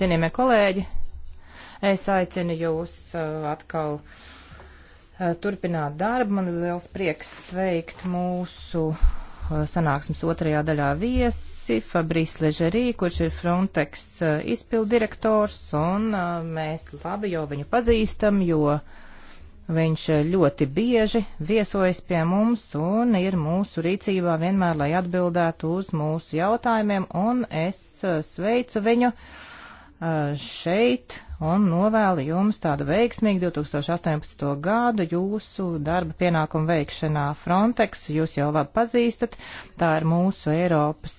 Cienījamie kolēģi, es aicinu jūs uh, atkal uh, turpināt darbu. Man ir liels prieks sveikt mūsu uh, sanāksmes otrajā daļā viesi Fabris Ležerī, kurš ir Frontex izpildirektors, un mēs labi jau viņu pazīstam, jo Viņš eh, ļoti bieži viesojas pie mums un ir mūsu rīcībā vienmēr, lai atbildētu uz mūsu jautājumiem, un es eh, sveicu viņu eh, šeit un novēlu jums tādu veiksmīgu 2018. gadu jūsu darba pienākumu veikšanā Frontex. Jūs jau labi pazīstat. Tā ir mūsu Eiropas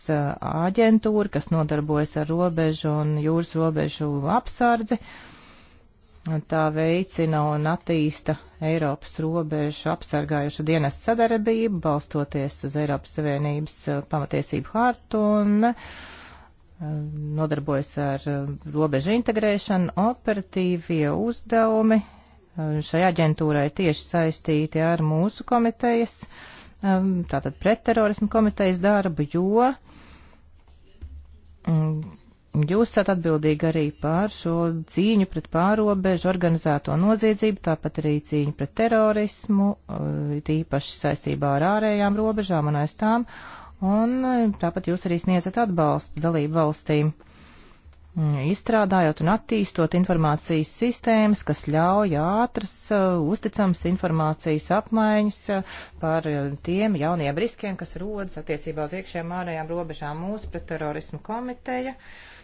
āģentūra, kas nodarbojas ar robežu un jūras robežu apsardzi. Uh, Tā veicina un attīsta Eiropas robežu apsargājušu dienas sadarbību, balstoties uz Eiropas Savienības uh, pamatiesību hartu un uh, nodarbojas ar uh, robežu integrēšanu, operatīvie uzdevumi. Šai aģentūrai tieši saistīti ar mūsu komitejas, um, tātad pretterorismu komitejas darbu, jo mm, Jūs esat atbildīgi arī pār šo cīņu pret pārobežu organizēto noziedzību, tāpat arī cīņu pret terorismu, eh, tīpaši saistībā ar ārējām robežām un aiz tām, un eh, tāpat jūs arī sniedzat atbalstu dalību valstīm, mm, izstrādājot un attīstot informācijas sistēmas, kas ļauj ātras, eh, uzticams informācijas apmaiņas par tiem jauniem riskiem, kas rodas attiecībā uz iekšējām ārējām robežām mūsu pret terorismu komiteja. Uh,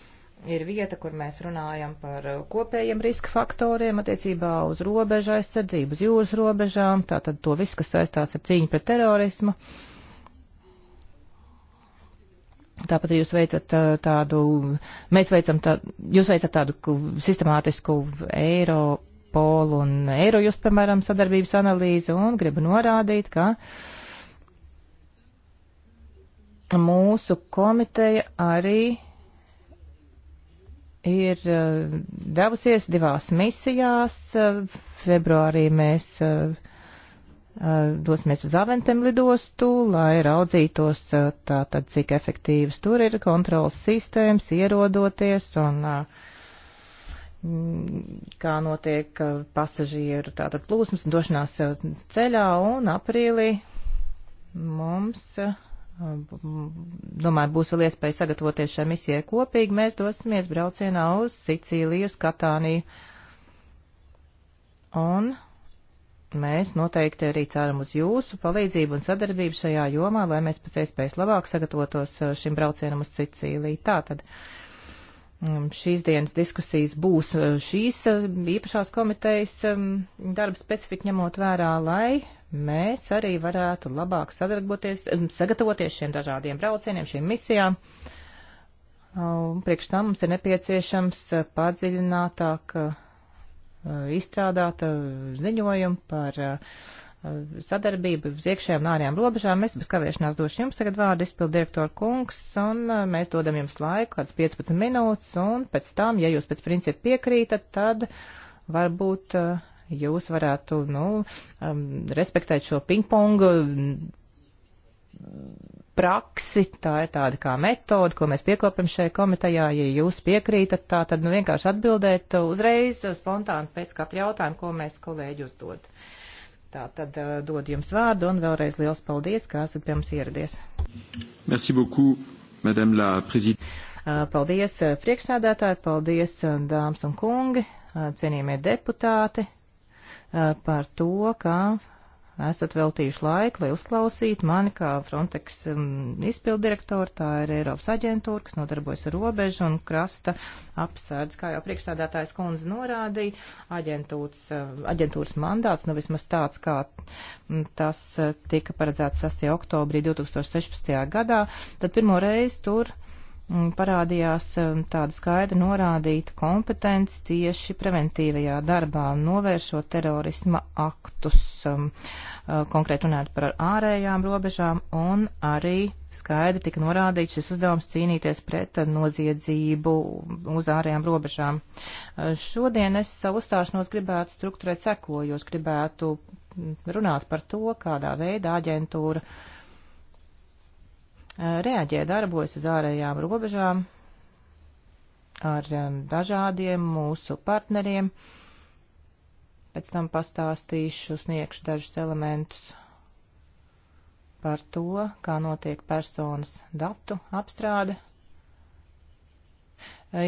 ir vieta, kur mēs runājam par kopējiem riska faktoriem attiecībā uz robežu aizsardzību, uz jūras robežām, tātad to viss, kas saistās ar cīņu pret terorismu. Tāpat jūs veicat uh, tādu, mēs veicam tādu, jūs veicat tādu sistemātisku Eiropolu un Eirojust, piemēram, sadarbības analīzi un gribu norādīt, ka mūsu komiteja arī ir uh, devusies divās misijās. Uh, februārī mēs uh, dosimies uz Aventem lidostu, lai raudzītos tātad, cik efektīvas tur ir kontrolas sistēmas, ierodoties un kā notiek pasažieru tātad plūsmas un došanās ceļā un aprīlī mums domāju, būs vēl iespēja sagatavoties šai misijai kopīgi. Mēs dosimies braucienā uz Sicīliju, uz Katāniju. Un mēs noteikti arī ceram uz jūsu palīdzību un sadarbību šajā jomā, lai mēs pēc iespējas labāk sagatavotos uh, šim braucienam uz Sicīliju. Tātad um, šīs dienas diskusijas būs uh, šīs uh, īpašās komitejas um, darba specifika ņemot vērā, lai mēs arī varētu labāk sadarboties, um, sagatavoties šiem dažādiem braucieniem, šīm misijām. Um, priekš tam mums ir nepieciešams uh, padziļinātāk uh, izstrādāt uh, ziņojumu par sadarbību uz iekšējām un ārējām robežām. Es bez kavēšanās došu jums tagad vārdu izpildu direktoru kungs, un mēs dodam jums laiku, kāds 15 minūtes, un pēc tam, ja jūs pēc principa piekrītat, tad varbūt uh, jūs varētu, nu, um, respektēt šo pingpongu mm, praksi, tā ir tāda kā metode, ko mēs piekopam šai komitejā, ja jūs piekrītat tā, tad nu vienkārši atbildēt uzreiz spontāni pēc katra jautājuma, ko mēs kolēģi uzdod. Tā tad uh, dod jums vārdu un vēlreiz liels paldies, kā esat pie mums ieradies. Merci beaucoup, madame la présidente. Uh, paldies uh, priekšsēdētāji, paldies uh, dāmas un kungi, uh, cienījamie deputāti par to, ka esat veltījuši laiku, lai uzklausītu mani kā Frontex um, izpildirektoru. Tā ir Eiropas aģentūra, kas nodarbojas ar robežu un krasta apsardz. Kā jau priekšsādātājs kundze norādīja, aģentūras, aģentūras mandāts, nu vismaz tāds, kā tas tika paredzēts 6. oktobrī 2016. gadā, tad pirmo reizi tur Mm, parādījās um, tāda skaidra norādīta kompetence tieši preventīvajā darbā, novēršot terorisma aktus, um, uh, konkrēt runāt par ārējām robežām, un arī skaidri tika norādīts šis uzdevums cīnīties pret uh, noziedzību uz ārējām robežām. Uh, šodien es savu uzstāšanos gribētu strukturēt sekojos, gribētu mm, runāt par to, kādā veidā aģentūra uh, reaģē, darbojas uz ārējām robežām ar um, dažādiem mūsu partneriem. Pēc tam pastāstīšu, sniegšu dažus elementus par to, kā notiek personas datu apstrāde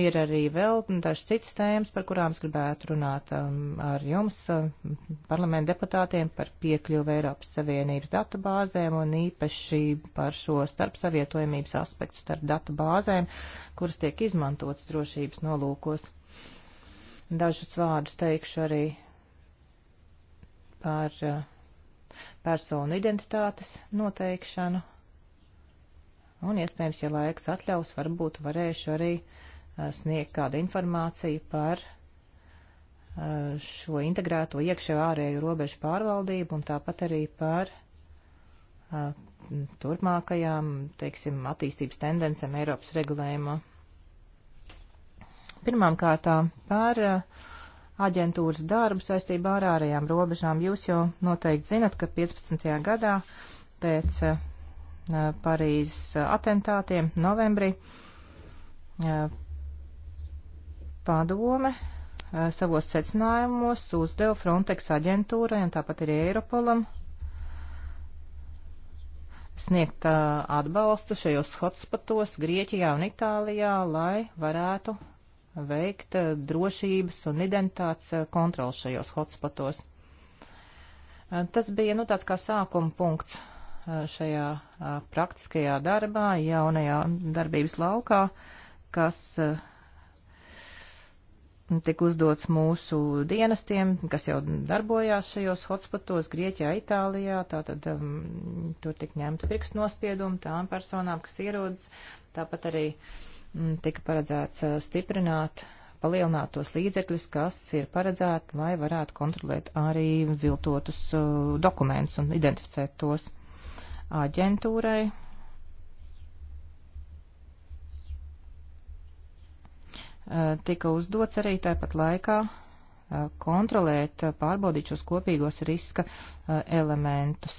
Ir arī vēl dažas citas tēmas, par kurām es gribētu runāt um, ar jums, um, parlamentu deputātiem, par piekļuvu Eiropas Savienības datubāzēm un īpaši par šo starpsavietojamības aspektu starp datubāzēm, kuras tiek izmantotas drošības nolūkos. Dažus vārdus teikšu arī par uh, personu identitātes noteikšanu. Un iespējams, ja laiks atļaus, varbūt varēšu arī uh, Uh, sniegt kādu informāciju par uh, šo integrēto iekšējo ārēju robežu pārvaldību un tāpat arī par uh, turpmākajām, teiksim, attīstības tendencēm Eiropas regulējumā. Pirmām kārtām par aģentūras darbu saistībā ar ārējām robežām. Jūs jau noteikti zinat, ka 15. gadā pēc Parīzes atentātiem novembrī padome eh, savos secinājumos uzdeva Frontex aģentūrai un tāpat arī Eiropolam sniegt uh, atbalstu šajos hotspotos Grieķijā un Itālijā, lai varētu veikt uh, drošības un identitātes uh, kontroli šajos hotspotos. Tas bija nu, tāds kā sākuma punkts šajā praktiskajā darbā, jaunajā darbības laukā, kas uh, tika uzdots mūsu dienestiem, kas jau darbojās šajos hotspotos Grieķijā, Itālijā. Tātad um, tur tika ņemta pirkstu nospiedumu tām personām, kas ierodas. Tāpat arī um, tika paredzēts uh, stiprināt, palielināt tos līdzekļus, kas ir paredzēti, lai varētu kontrolēt arī viltotus uh, dokumentus un identificēt tos aģentūrai tika uzdots arī tāpat laikā kontrolēt, pārbaudīt šos kopīgos riska elementus.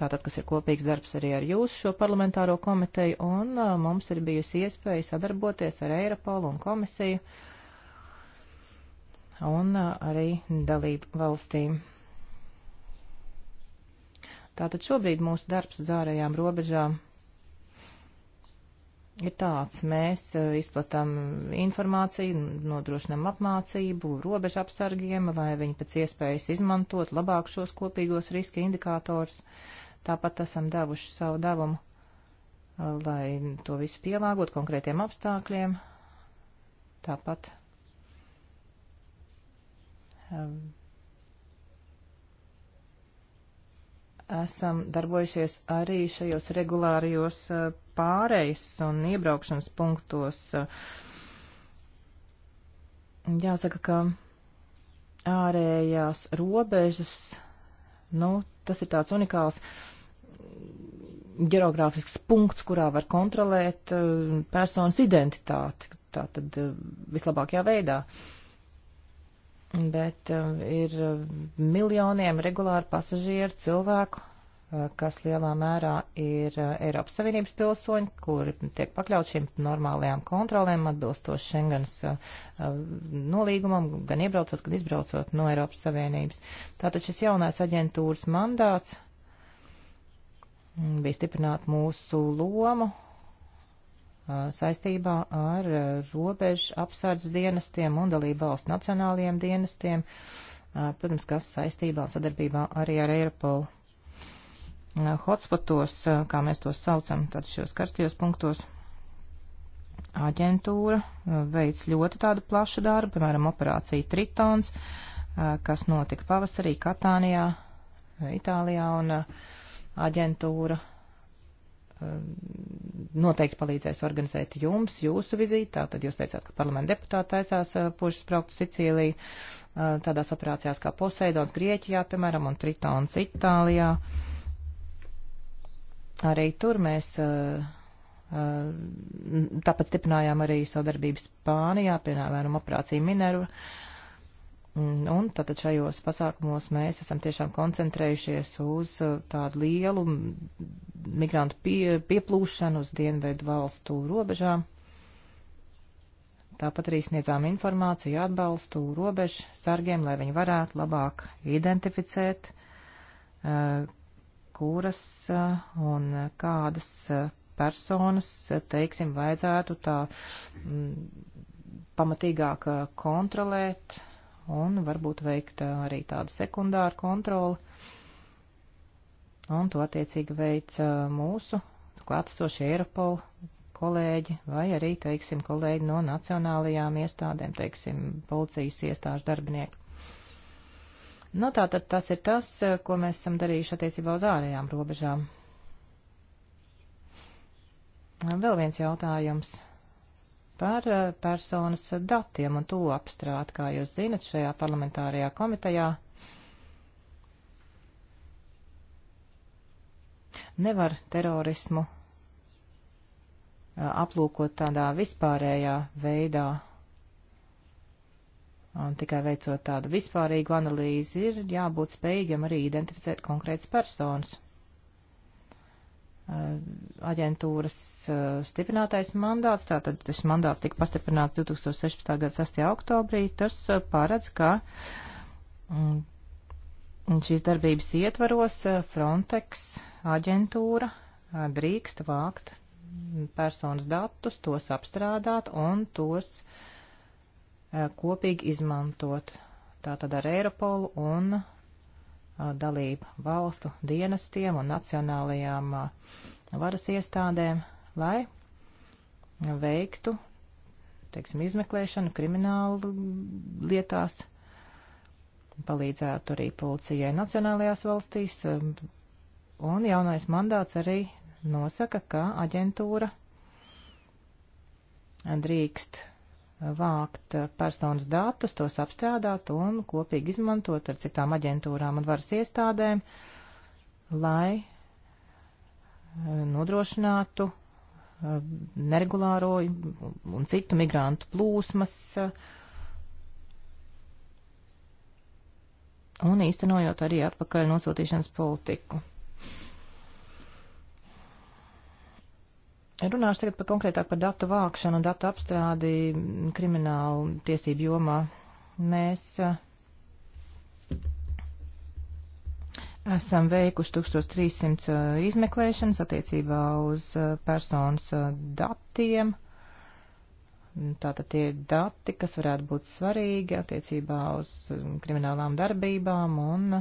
Tātad, kas ir kopīgs darbs arī ar jūsu šo parlamentāro komiteju, un mums ir bijusi iespēja sadarboties ar Eiropolu un komisiju un arī dalību valstīm. Tātad šobrīd mūsu darbs uz ārējām robežām ir tāds. Mēs uh, izplatām informāciju, nodrošinām apmācību robežu apsargiem, lai viņi pēc iespējas izmantot labāk šos kopīgos riska indikātors. Tāpat esam devuši savu devumu, uh, lai to visu pielāgot konkrētiem apstākļiem. Tāpat uh, esam darbojušies arī šajos regulārajos eh, pārejas un iebraukšanas punktos. Jāsaka, ka ārējās robežas, nu, tas ir tāds unikāls ģerogrāfisks punkts, kurā var kontrolēt eh, personas identitāti, tātad eh, vislabākajā veidā. Uh, bet uh, ir uh, miljoniem regulāru pasažieru cilvēku, uh, kas lielā mērā ir uh, Eiropas Savienības pilsoņi, kuri tiek pakļaut šīm normālajām kontrolēm atbilstoši Schengens uh, uh, nolīgumam, gan iebraucot, gan izbraucot no Eiropas Savienības. Tātad šis jaunais aģentūras mandāts mm, bija stiprināt mūsu lomu saistībā ar robežu apsardzes dienestiem un dalību valstu nacionālajiem dienestiem, protams, kas saistībā un sadarbībā arī ar Eiropolu. Hotspotos, kā mēs tos saucam, tad šos karstajos punktos aģentūra veic ļoti tādu plašu darbu, piemēram, operācija Tritons, kas notika pavasarī Katānijā, Itālijā, un aģentūra Ehm, noteikti palīdzēs organizēt jums, jūsu vizīti. Tātad jūs teicāt, ka parlamenta deputāti taisās eh, pušas braukt Sicīliju eh, tādās operācijās kā Poseidons Grieķijā, piemēram, un Tritons Itālijā. Arī tur mēs eh, tāpat stiprinājām arī saudarbību Spānijā, piemēram, operāciju Mineru. Uh, Mm, un tātad šajos pasākumos mēs esam tiešām koncentrējušies uz uh, tādu lielu migrantu pie, pieplūšanu uz dienvedu valstu robežām. Tāpat arī sniedzām informāciju atbalstu robežu sargiem, lai viņi varētu labāk identificēt, uh, kuras uh, un kādas personas, teiksim, vajadzētu tā pamatīgāk kontrolēt un varbūt veikt arī tādu sekundāru kontroli. Un to attiecīgi veic mūsu klātesošie Eiropola kolēģi vai arī, teiksim, kolēģi no nacionālajām iestādēm, teiksim, policijas iestāžu darbinieki. Nu, tā tad tas ir tas, ko mēs esam darījuši attiecībā uz ārējām robežām. Vēl viens jautājums par eh, personas datiem un to apstrādi, kā jūs zinat, šajā parlamentārajā komitejā. Nevar terorismu eh, aplūkot tādā vispārējā veidā. Un tikai veicot tādu vispārīgu analīzi, ir jābūt spējīgam arī identificēt konkrētas personas. Eh, aģentūras eh, stiprinātais mandāts, tātad tas mandāts tika pastiprināts 2016. gada 6. oktobrī, tas eh, paredz, ka mm, šīs darbības ietvaros Frontex aģentūra drīkst vākt personas datus, tos apstrādāt un tos kopīgi izmantot. Tātad ar Eiropolu un dalību valstu dienestiem un nacionālajām varas iestādēm, lai veiktu, teiksim, izmeklēšanu kriminālu lietās, palīdzētu arī policijai nacionālajās valstīs, un jaunais mandāts arī nosaka, ka aģentūra drīkst vākt eh, personas datus, tos apstrādāt un kopīgi izmantot ar citām aģentūrām un varas iestādēm, lai eh, nodrošinātu eh, neregulāro un citu migrantu plūsmas un īstenojot arī atpakaļ nosūtīšanas politiku. Runāšu tagad par konkrētāk par datu vākšanu un datu apstrādi kriminālu tiesību jomā. Mēs uh, esam veikuši 1300 uh, eh, izmeklēšanas attiecībā uz uh, personas datiem. Tātad tie ir dati, kas varētu būt svarīgi attiecībā uz kriminālām darbībām un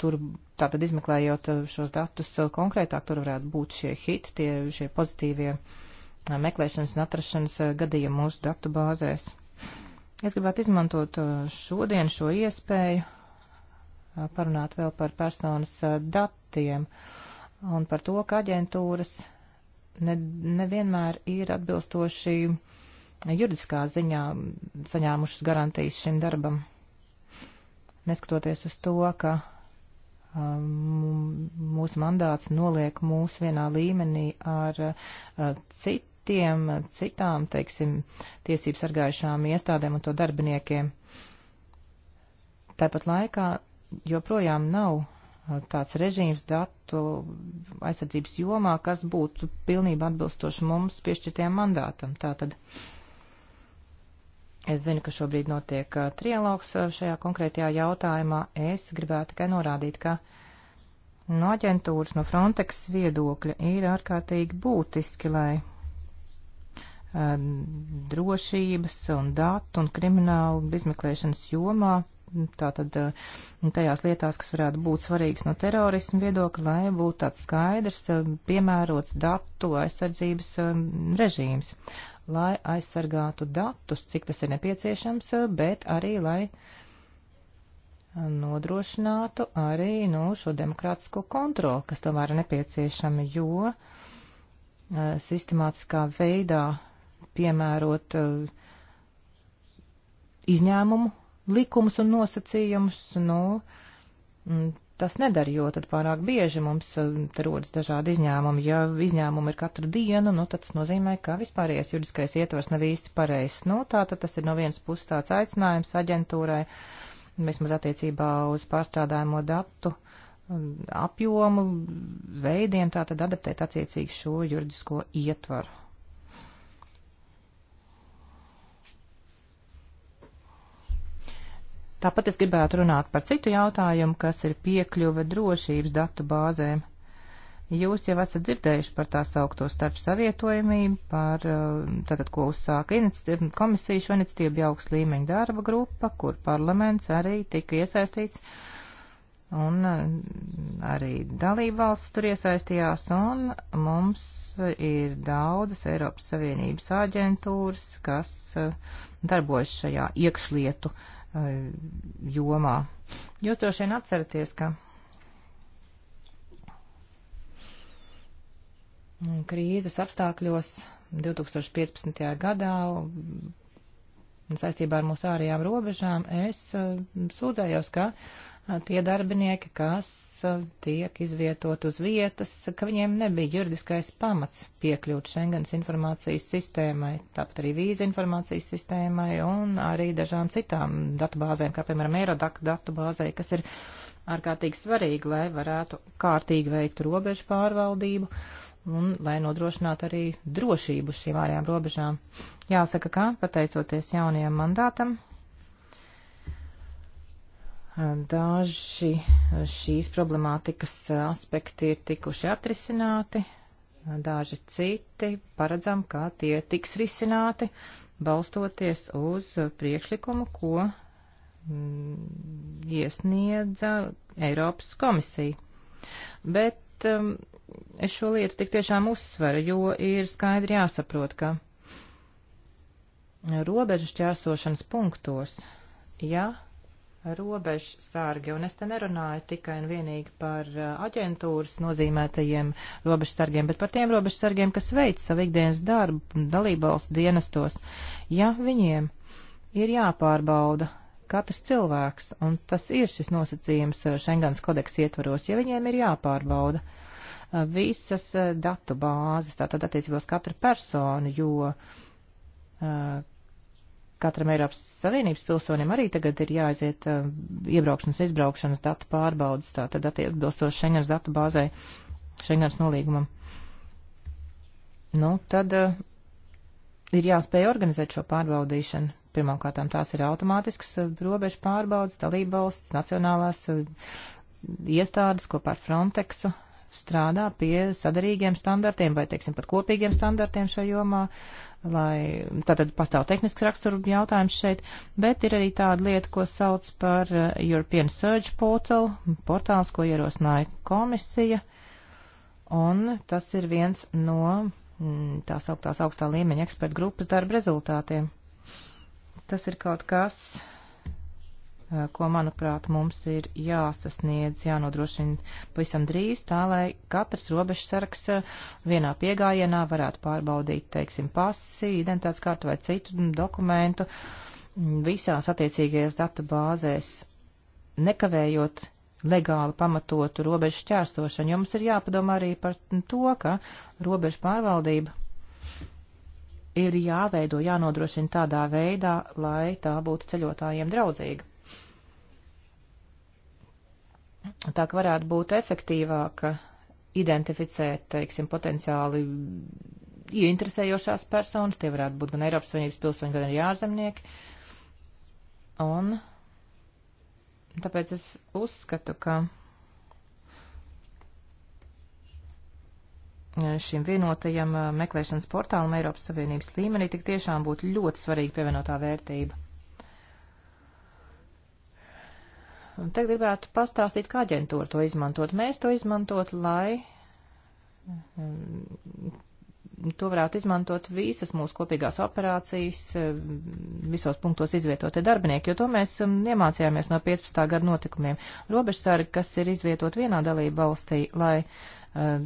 tur tātad izmeklējot eh, šos datus eh, konkrētāk, tur varētu būt šie hiti, tie šie pozitīvie eh, meklēšanas un atrašanas gadījumi mūsu datu bāzēs. Es gribētu izmantot šodien šo iespēju parunāt vēl par personas datiem un par to, ka aģentūras ne, nevienmēr ir atbilstoši juridiskā ziņā saņēmušas garantijas šim darbam. Neskatoties uz to, ka mūsu mandāts noliek mūs vienā līmenī ar citiem, citām, teiksim, tiesību sargājušām iestādēm un to darbiniekiem. Tāpat laikā joprojām nav tāds režīms datu aizsardzības jomā, kas būtu pilnībā atbilstoši mums piešķirtajam mandātam. Tātad. Uh, Es zinu, ka šobrīd notiek uh, trialogs uh, šajā konkrētajā jautājumā. Es gribētu tikai norādīt, ka no aģentūras, no Frontex viedokļa ir ārkārtīgi būtiski, lai uh, drošības un datu un kriminālu izmeklēšanas jomā, tātad uh, tajās lietās, kas varētu būt svarīgas no terorismu viedokļa, lai būtu tāds skaidrs, uh, piemērots datu aizsardzības um, režīms lai aizsargātu datus, cik tas ir nepieciešams, bet arī lai nodrošinātu arī nu, šo demokrātisko kontroli, kas tomēr ir nepieciešama, jo eh, sistemātiskā veidā piemērot eh, izņēmumu likumus un nosacījumus, nu, tas nedara, jo tad pārāk bieži mums eh, te rodas dažādi izņēmumi. Ja izņēmumi ir katru dienu, nu, tad tas nozīmē, ka vispārējais juridiskais ietvars nav īsti pareizs. Nu, tā tad tas ir no vienas puses tāds aicinājums aģentūrai, vismaz attiecībā uz pārstrādājumu datu mm, apjomu, veidiem, tā tad adaptēt attiecīgi šo juridisko ietvaru. Tāpat es gribētu runāt par citu jautājumu, kas ir piekļuve drošības datu bāzēm. Jūs jau esat dzirdējuši par tā saukto starp savietojumību, par uh, tātad, ko uzsāka komisija šo iniciatīvu bija augsts līmeņa darba grupa, kur parlaments arī tika iesaistīts. Un uh, arī dalība valsts tur iesaistījās, un mums ir daudzas Eiropas Savienības aģentūras, kas uh, darbojas šajā iekšlietu uh, Eh, jomā. Jūs droši vien atceraties, ka krīzes apstākļos 2015. gadā saistībā ar mūsu ārējām robežām es eh, sūdzējos, ka tie darbinieki, kas tiek izvietot uz vietas, ka viņiem nebija juridiskais pamats piekļūt Schengens informācijas sistēmai, tāpat arī vīza informācijas sistēmai un arī dažām citām datubāzēm, kā piemēram Eirodak datubāzē, kas ir ārkārtīgi svarīgi, lai varētu kārtīgi veikt robežu pārvaldību un lai nodrošinātu arī drošību šīm ārējām robežām. Jāsaka, ka pateicoties jaunajam mandātam, Daži šīs problemātikas aspekti ir tikuši atrisināti, daži citi paredzam, kā tie tiks risināti, balstoties uz priekšlikumu, ko mm, iesniedza Eiropas komisija. Bet um, es šo lietu tik tiešām uzsveru, jo ir skaidri jāsaprot, ka robežu šķērsošanas punktos, ja robežsargi, un es te nerunāju tikai un vienīgi par uh, aģentūras nozīmētajiem robežsargiem, bet par tiem robežsargiem, kas veic savu ikdienas darbu dalībvalstu dienestos. Ja viņiem ir jāpārbauda katrs cilvēks, un tas ir šis nosacījums Šengans uh, kodeks ietvaros, ja viņiem ir jāpārbauda uh, visas datu bāzes, tātad attiecībos katru personu, jo katram Eiropas Savienības pilsonim arī tagad ir jāaiziet uh, iebraukšanas, izbraukšanas datu pārbaudas, tātad atbilstoši Schengens datu bāzai, Schengens nolīgumam. Nu, tad uh, ir jāspēj organizēt šo pārbaudīšanu. Pirmkārt, tās ir automātiskas uh, robežu pārbaudas, dalībvalsts, nacionālās uh, iestādes kopā ar Frontexu, strādā pie sadarīgiem standartiem vai, teiksim, pat kopīgiem standartiem šajā jomā, lai tātad pastāv tehnisks raksturu jautājums šeit, bet ir arī tāda lieta, ko sauc par eh, European Search Portal, portāls, ko ierosināja komisija, un tas ir viens no mm, tā sauktās augstā līmeņa ekspertu grupas darba rezultātiem. Tas ir kaut kas, Eh, ko, manuprāt, mums ir jāsasniedz, jānodrošina pavisam drīz, tā lai katrs robežas sargs eh, vienā piegājienā varētu pārbaudīt, teiksim, pasi, identitātes kārtu vai citu dokumentu mm, visās attiecīgajās datu bāzēs, nekavējot legāli pamatotu robežu šķērsošanu, jo mums ir jāpadomā arī par to, ka robežu pārvaldība ir jāveido, jānodrošina tādā veidā, lai tā būtu ceļotājiem draudzīga tā ka varētu būt efektīvāk identificēt, teiksim, potenciāli ieinteresējošās personas, tie varētu būt gan Eiropas Savienības pilsoņi, gan arī ārzemnieki. Un tāpēc es uzskatu, ka šim vienotajam uh, meklēšanas portālam Eiropas Savienības līmenī tik tiešām būtu ļoti svarīga pievienotā vērtība. Un te gribētu pastāstīt, kā aģentūra to izmantot. Mēs to izmantot, lai mm, to varētu izmantot visas mūsu kopīgās operācijas, mm, visos punktos izvietotie darbinieki, jo to mēs mm, iemācījāmies no 15. gada notikumiem. Robežsargi, kas ir izvietot vienā dalība valstī, lai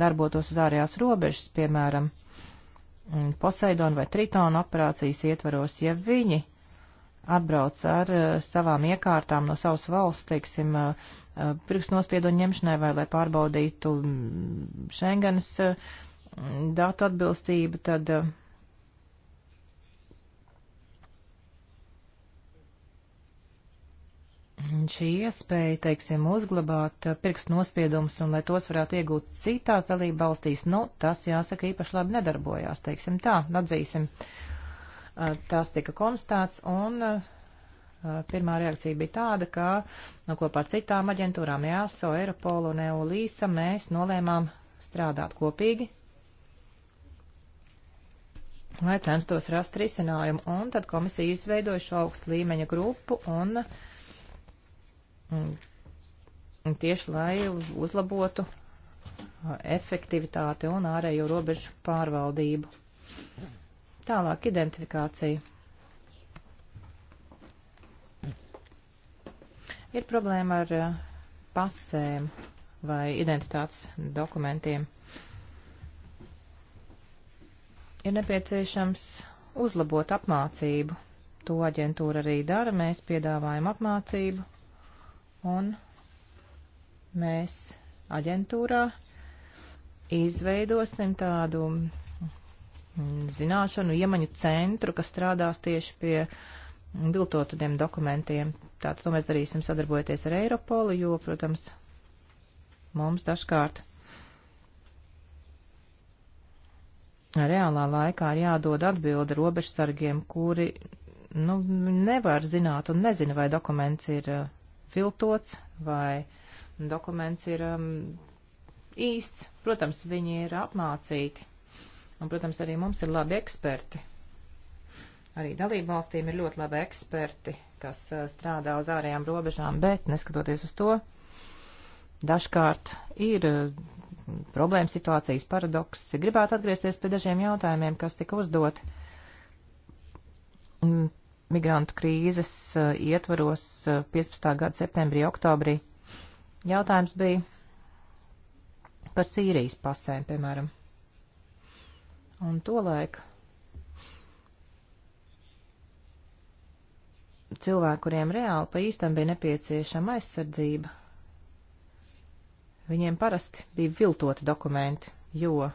darbotos uz ārējās robežas, piemēram, Poseidona vai Tritona operācijas ietvaros, ja viņi uh, atbrauc ar eh, savām iekārtām no savas valsts, teiksim, eh, eh, pirkstnospiedu ņemšanai vai lai pārbaudītu mm, Schengenas datu atbilstību, tad šī iespēja, teiksim, uzglabāt pirkstu nospiedumus un lai tos varētu iegūt citās dalība valstīs, nu, tas jāsaka īpaši labi nedarbojās, teiksim tā, atzīsim. Uh, Eh, tas tika konstatēts un eh, eh, pirmā reakcija bija tāda, ka nu, kopā ar citām aģentūrām, EASO, Eiropolu un EULISA, mēs nolēmām strādāt kopīgi, lai censtos rast risinājumu. Un tad komisija izveidoja šo augstu līmeņa grupu un, mm, un tieši lai uzlabotu efektivitāti un ārējo robežu pārvaldību. Tālāk identifikācija. Ir problēma ar eh, pasēm vai identitātes dokumentiem. Ir nepieciešams uzlabot apmācību. To aģentūra arī dara. Mēs piedāvājam apmācību un mēs aģentūrā izveidosim tādu zināšanu iemaņu centru, kas strādās tieši pie viltotudiem dokumentiem. Tātad to mēs darīsim sadarbojoties ar Eiropolu, jo, protams, mums dažkārt reālā laikā ir jādod atbildi robežsargiem, kuri nu, nevar zināt un nezina, vai dokuments ir uh, viltots vai dokuments ir um, īsts. Protams, viņi ir apmācīti Un, protams, arī mums ir labi eksperti. Arī dalību valstīm ir ļoti labi eksperti, kas eh, strādā uz ārējām robežām, bet neskatoties uz to, dažkārt ir eh, problēma situācijas paradoks. Gribētu atgriezties pie dažiem jautājumiem, kas tika uzdoti mm, migrantu krīzes eh, ietvaros 15. gada septembrī, oktobrī. Jautājums bija par Sīrijas pasēm, piemēram. Un tolaik cilvēki, kuriem reāli pa īstam bija nepieciešama aizsardzība, viņiem parasti bija viltoti dokumenti, jo,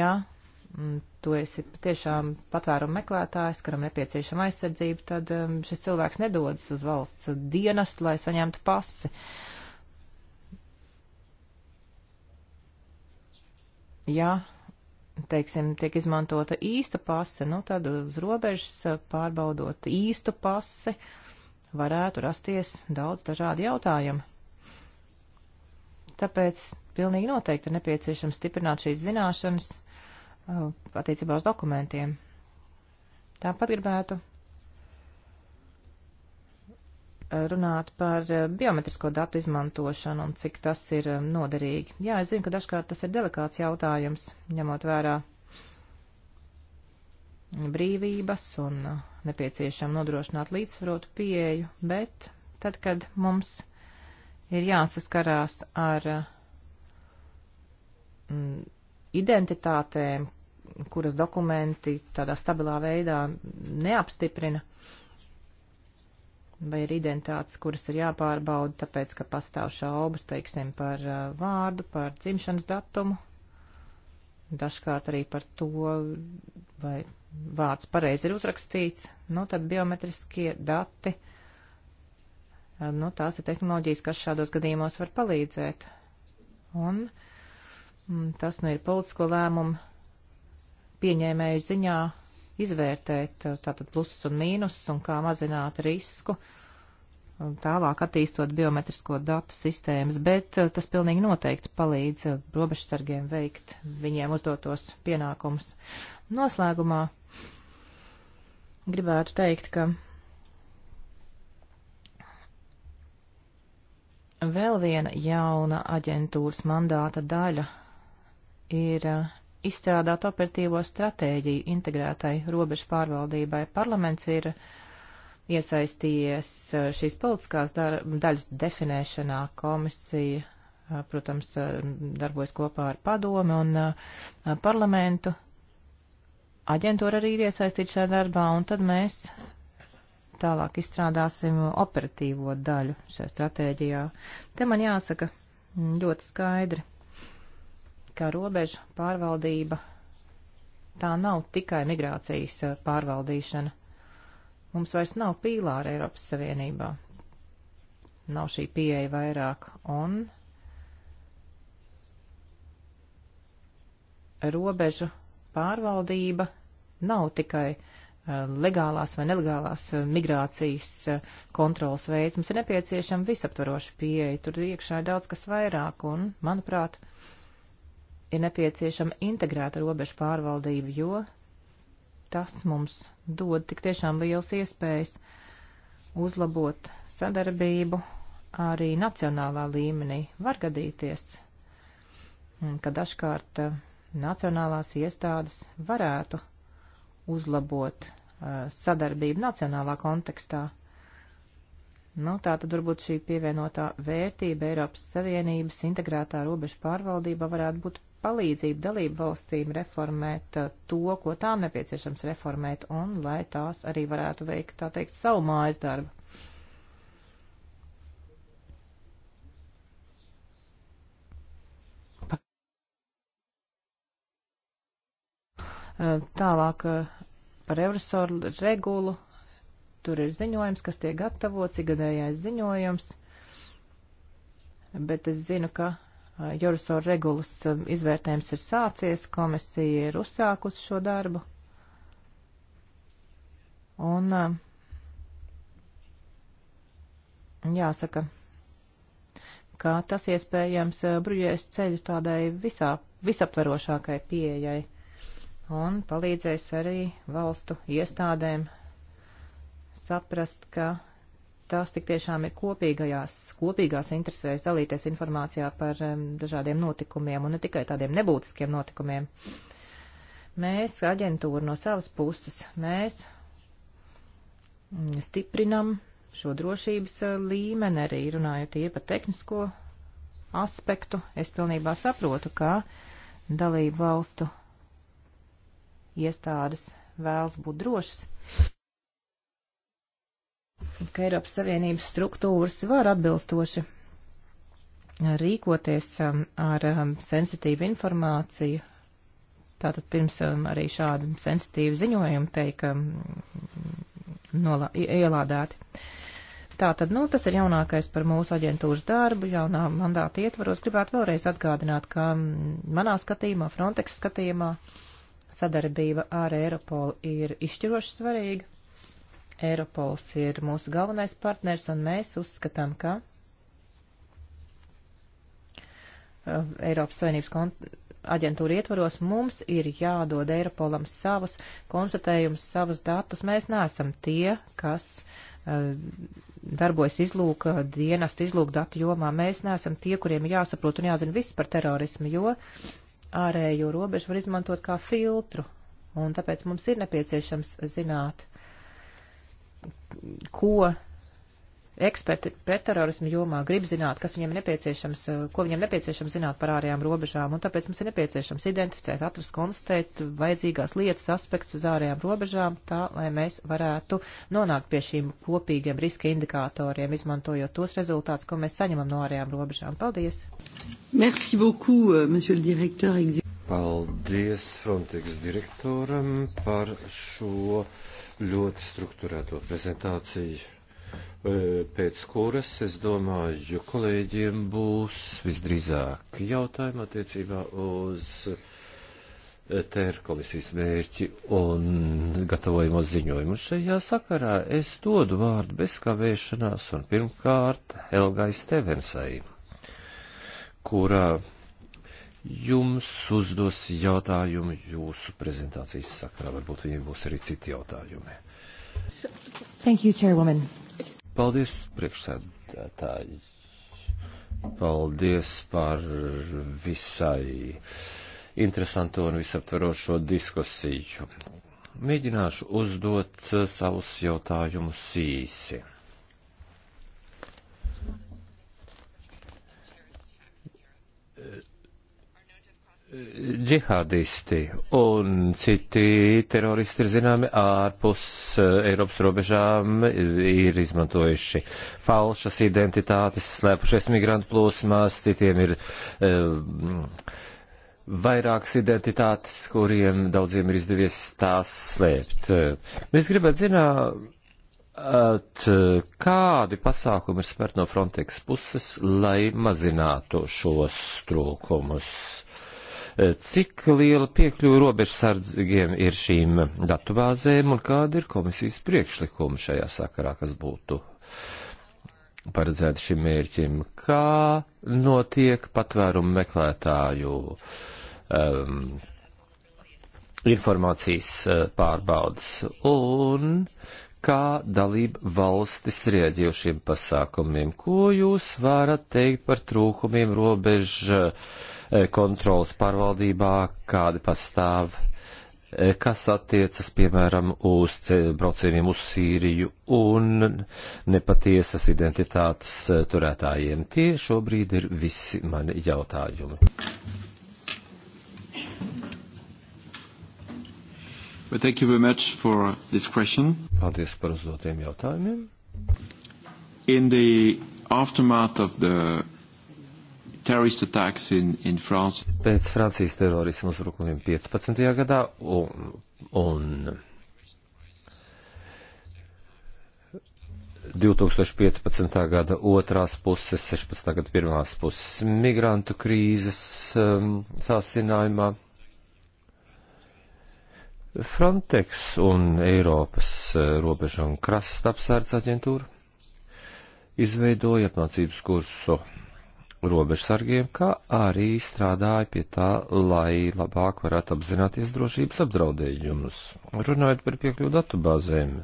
ja mm, tu esi patiešām patvērumu meklētājs, kuram nepieciešama aizsardzība, tad mm, šis cilvēks nedodas uz valsts dienestu, lai saņemtu pasi. Ja teiksim, tiek izmantota īsta pase, nu tad uz robežas eh, pārbaudot īstu pase varētu rasties daudz dažādi jautājumi. Tāpēc pilnīgi noteikti ir nepieciešams stiprināt šīs zināšanas eh, attiecībā uz dokumentiem. Tāpat gribētu runāt par eh, biometrisko datu izmantošanu un cik tas ir eh, noderīgi. Jā, es zinu, ka dažkārt tas ir delikāts jautājums, ņemot vērā brīvības un eh, nepieciešam nodrošināt līdzsvarotu pieeju, bet tad, kad mums ir jāsaskarās ar identitātēm, kuras dokumenti tādā stabilā veidā neapstiprina, vai ir identitātes, kuras ir jāpārbauda, tāpēc, ka pastāv šaubas, teiksim, par uh, vārdu, par dzimšanas datumu, dažkārt arī par to, vai vārds pareizi ir uzrakstīts, nu, tad biometriskie dati, uh, nu, tās ir tehnoloģijas, kas šādos gadījumos var palīdzēt. Un mm, tas, nu, ir politisko lēmumu pieņēmēju ziņā izvērtēt eh, tātad plusus un mīnusus un kā mazināt risku tālāk attīstot biometrisko datu sistēmas, bet eh, tas pilnīgi noteikti palīdz eh, robežsargiem veikt viņiem uzdotos pienākumus. Noslēgumā gribētu teikt, ka vēl viena jauna aģentūras mandāta daļa ir izstrādāt operatīvo stratēģiju integrētai robežu pārvaldībai. Parlaments ir iesaistījies uh, šīs politiskās daļas definēšanā. Komisija, uh, protams, uh, darbojas kopā ar padomi un parlamentu. Aģentūra arī ir iesaistīta šajā darbā, un tad mēs tālāk izstrādāsim operatīvo daļu šajā stratēģijā. Te man jāsaka mm, ļoti skaidri ka robežu pārvaldība tā nav tikai migrācijas eh, pārvaldīšana. Mums vairs nav pīlāra Eiropas Savienībā. Nav šī pieeja vairāk un robežu pārvaldība nav tikai eh, legālās vai nelegālās eh, migrācijas kontrolas veids. Mums ir nepieciešama visaptvaroša pieeja, tur iekšā ir daudz kas vairāk, un, manuprāt, ir nepieciešama integrēta robežu pārvaldība, jo tas mums dod tik tiešām liels iespējas uzlabot sadarbību arī nacionālā līmenī. Var gadīties, mm, ka dažkārt eh, nacionālās iestādes varētu uzlabot eh, sadarbību nacionālā kontekstā. Nu, tā tad varbūt šī pievienotā vērtība Eiropas Savienības integrētā robežu pārvaldībā varētu būt palīdzību dalību valstīm reformēt uh, to, ko tām nepieciešams reformēt, un lai tās arī varētu veikt, tā teikt, savu mājas darbu. Uh, tālāk uh, par Eurosoru regulu. Tur ir ziņojums, kas tiek gatavots, ikgadējais ziņojums. Bet es zinu, ka Jorusor regulas izvērtējums ir sācies, komisija ir uzsākusi šo darbu. Un jāsaka, ka tas iespējams bruģēs ceļu tādai visā, visaptverošākai pieejai un palīdzēs arī valstu iestādēm saprast, ka tās tik tiešām ir kopīgajās, kopīgās interesēs dalīties informācijā par um, dažādiem notikumiem un ne tikai tādiem nebūtiskiem notikumiem. Mēs, aģentūra no savas puses, mēs mm, stiprinam šo drošības eh, līmeni arī runājot par tehnisko aspektu. Es pilnībā saprotu, ka dalību valstu iestādes vēlas būt drošas ka Eiropas Savienības struktūras var atbilstoši rīkoties um, ar um, sensitīvu informāciju. Tātad pirms um, arī šādu sensitīvu ziņojumu teika ielādēti. Tātad, nu, tas ir jaunākais par mūsu aģentūras darbu, jaunā mandāta ietvaros. Gribētu vēlreiz atgādināt, ka manā skatījumā, Frontex skatījumā, sadarbība ar Eiropolu ir izšķiroši svarīga Eiropols ir mūsu galvenais partners, un mēs uzskatām, ka uh, Eiropas Savienības aģentūra ietvaros mums ir jādod Eiropolam savus konstatējumus, savus datus. Mēs neesam tie, kas uh, darbojas izlūka dienas, izlūka datu jomā. Mēs neesam tie, kuriem jāsaprot un jāzina viss par terorismu, jo ārējo robežu var izmantot kā filtru. Un tāpēc mums ir nepieciešams zināt, ko eksperti pretterorismu jomā grib zināt, kas viņiem nepieciešams, eh, ko viņiem nepieciešams zināt par ārējām robežām, un tāpēc mums ir nepieciešams identificēt, atrast, konstatēt vajadzīgās lietas, aspektus uz ārējām robežām, tā, lai mēs varētu nonākt pie šīm kopīgiem riska indikatoriem, izmantojot tos rezultātus, ko mēs saņemam no ārējām robežām. Paldies! Merci beaucoup, euh, monsieur le directeur. Paldies Frontex direktoram par šo ļoti struktūrēto prezentāciju, e, pēc kuras, es domāju, kolēģiem būs visdrīzāk jautājumi attiecībā uz tēra komisijas mērķi un gatavojamo ziņojumu. Šajā sakarā es dodu vārdu bez kavēšanās un pirmkārt Helgai Stevensai, kurā jums uzdos jautājumu jūsu prezentācijas sakarā. Varbūt viņiem būs arī citi jautājumi. Thank you, Chairwoman. Paldies, priekšsēdētāji. Paldies par visai interesanto un visaptverošo diskusiju. Mēģināšu uzdot savus jautājumus īsi. džihādisti un citi teroristi ir zināmi ārpus eh, Eiropas robežām, ir izmantojuši falšas identitātes, slēpušies migrantu plūsmās, citiem ir um, vairākas identitātes, kuriem daudziem ir izdevies tās slēpt. Mēs gribētu zināt, At, eh, kādi pasākumi ir spērt no Frontex puses, lai mazinātu šos trūkumus? Cik liela piekļuva robežsardzgiem ir šīm datubāzēm un kāda ir komisijas priekšlikuma šajā sakarā, kas būtu paredzēti šim mērķim? Kā notiek patvērumu meklētāju um, informācijas uh, pārbaudas un kā dalība valstis rieģē uz šiem pasākumiem? Ko jūs varat teikt par trūkumiem robežu? Uh, E, kontrolas pārvaldībā, kādi pastāv, e, kas attiecas, piemēram, uz braucieniem uz Sīriju un nepatiesas identitātes e, turētājiem. Tie šobrīd ir visi mani jautājumi. But thank you very much for this question. Paldies par uzdotiem jautājumiem. In the aftermath of the In, in Pēc Francijas terorismu uzbrukumiem 15. gadā un, un 2015. gada otrās puses, 16. gada pirmās puses migrantu krīzes um, sāsinājumā. Frontex un Eiropas uh, robežu un krasta apsardz aģentūra izveidoja apmācības kursu robežsargiem, kā arī strādāja pie tā, lai labāk varētu apzināties drošības apdraudējumus. Runājot par piekļuvu datu bāzēm.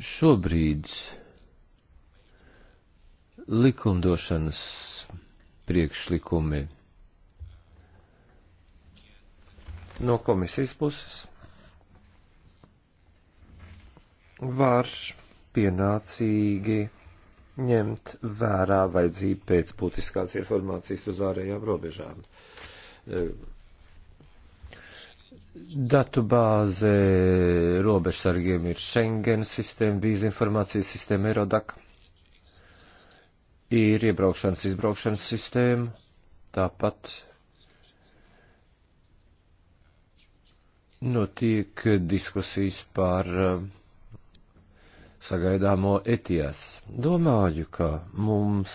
Šobrīd likumdošanas priekšlikumi no komisijas puses var pienācīgi ņemt vērā vajadzību pēc būtiskās informācijas uz ārējām robežām. E, datu bāze robežsargiem ir Schengen sistēma, vīza informācijas sistēma, Eirodak, ir iebraukšanas, izbraukšanas sistēma, tāpat notiek diskusijas par uh, sagaidāmo etijas. Domāju, ka mums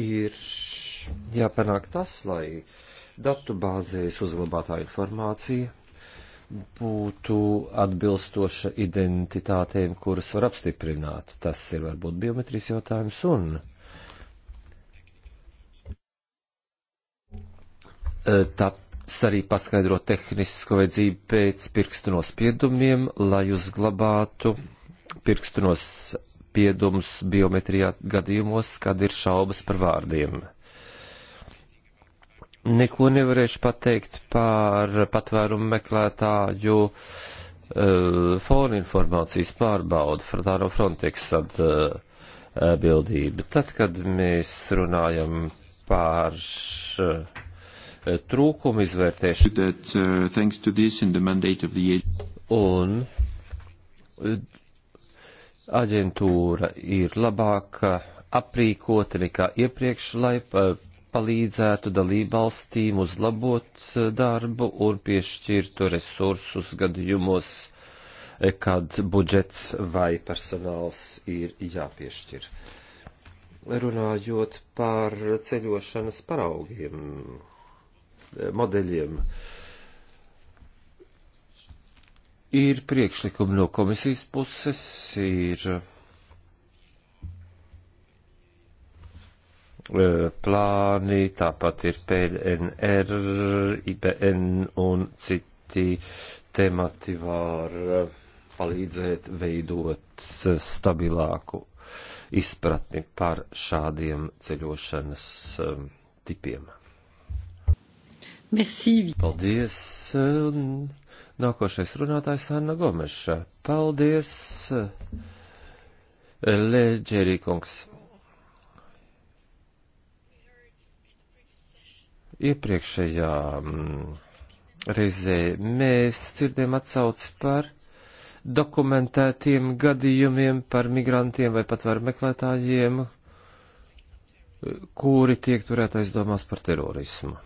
ir jāpanāk tas, lai datu bāzēs uzglabātā informācija būtu atbilstoša identitātēm, kuras var apstiprināt. Tas ir varbūt biometrijas jautājums un eh, tāpat arī paskaidro tehnisko vajadzību pēc pirkstu nospiedumiem, lai uzglabātu pirkstu nospiedumus biometrijā gadījumos, kad ir šaubas par vārdiem. Neko nevarēšu pateikt par patvērumu meklētāju uh, eh, fona informācijas pārbaudu, tā no Frontex atbildība. Eh, uh, Tad, kad mēs runājam par uh, Eh, trūkumu izvērtēšanu. Uh, un eh, aģentūra ir labāka aprīkota nekā iepriekš, lai eh, palīdzētu dalībvalstīm uzlabot darbu un piešķirtu resursus gadījumos, kad budžets vai personāls ir jāpiešķir. Runājot par ceļošanas paraugiem, modeļiem. Ir priekšlikumi no komisijas puses, ir e, plāni, tāpat ir PNR, IBN un citi temati var e, palīdzēt veidot stabilāku izpratni par šādiem ceļošanas e, tipiem. Merci. Paldies. Nākošais runātājs Anna Gomeša. Paldies. Leģerī kungs. Iepriekšējā mm, reizē mēs dzirdējām atsauci par dokumentētiem gadījumiem par migrantiem vai patvēru meklētājiem, kuri tiek turēt aizdomās par terorismu.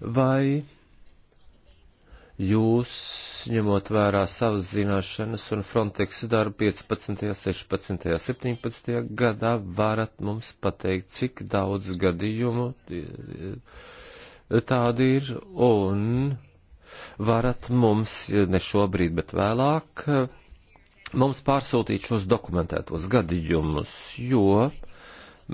Vai jūs, ņemot vērā savas zināšanas un Frontex darbu 15., 16., 17. gadā, varat mums pateikt, cik daudz gadījumu e, e, tādi ir, un varat mums, e, ne šobrīd, bet vēlāk, mums pārsūtīt šos dokumentētos gadījumus, jo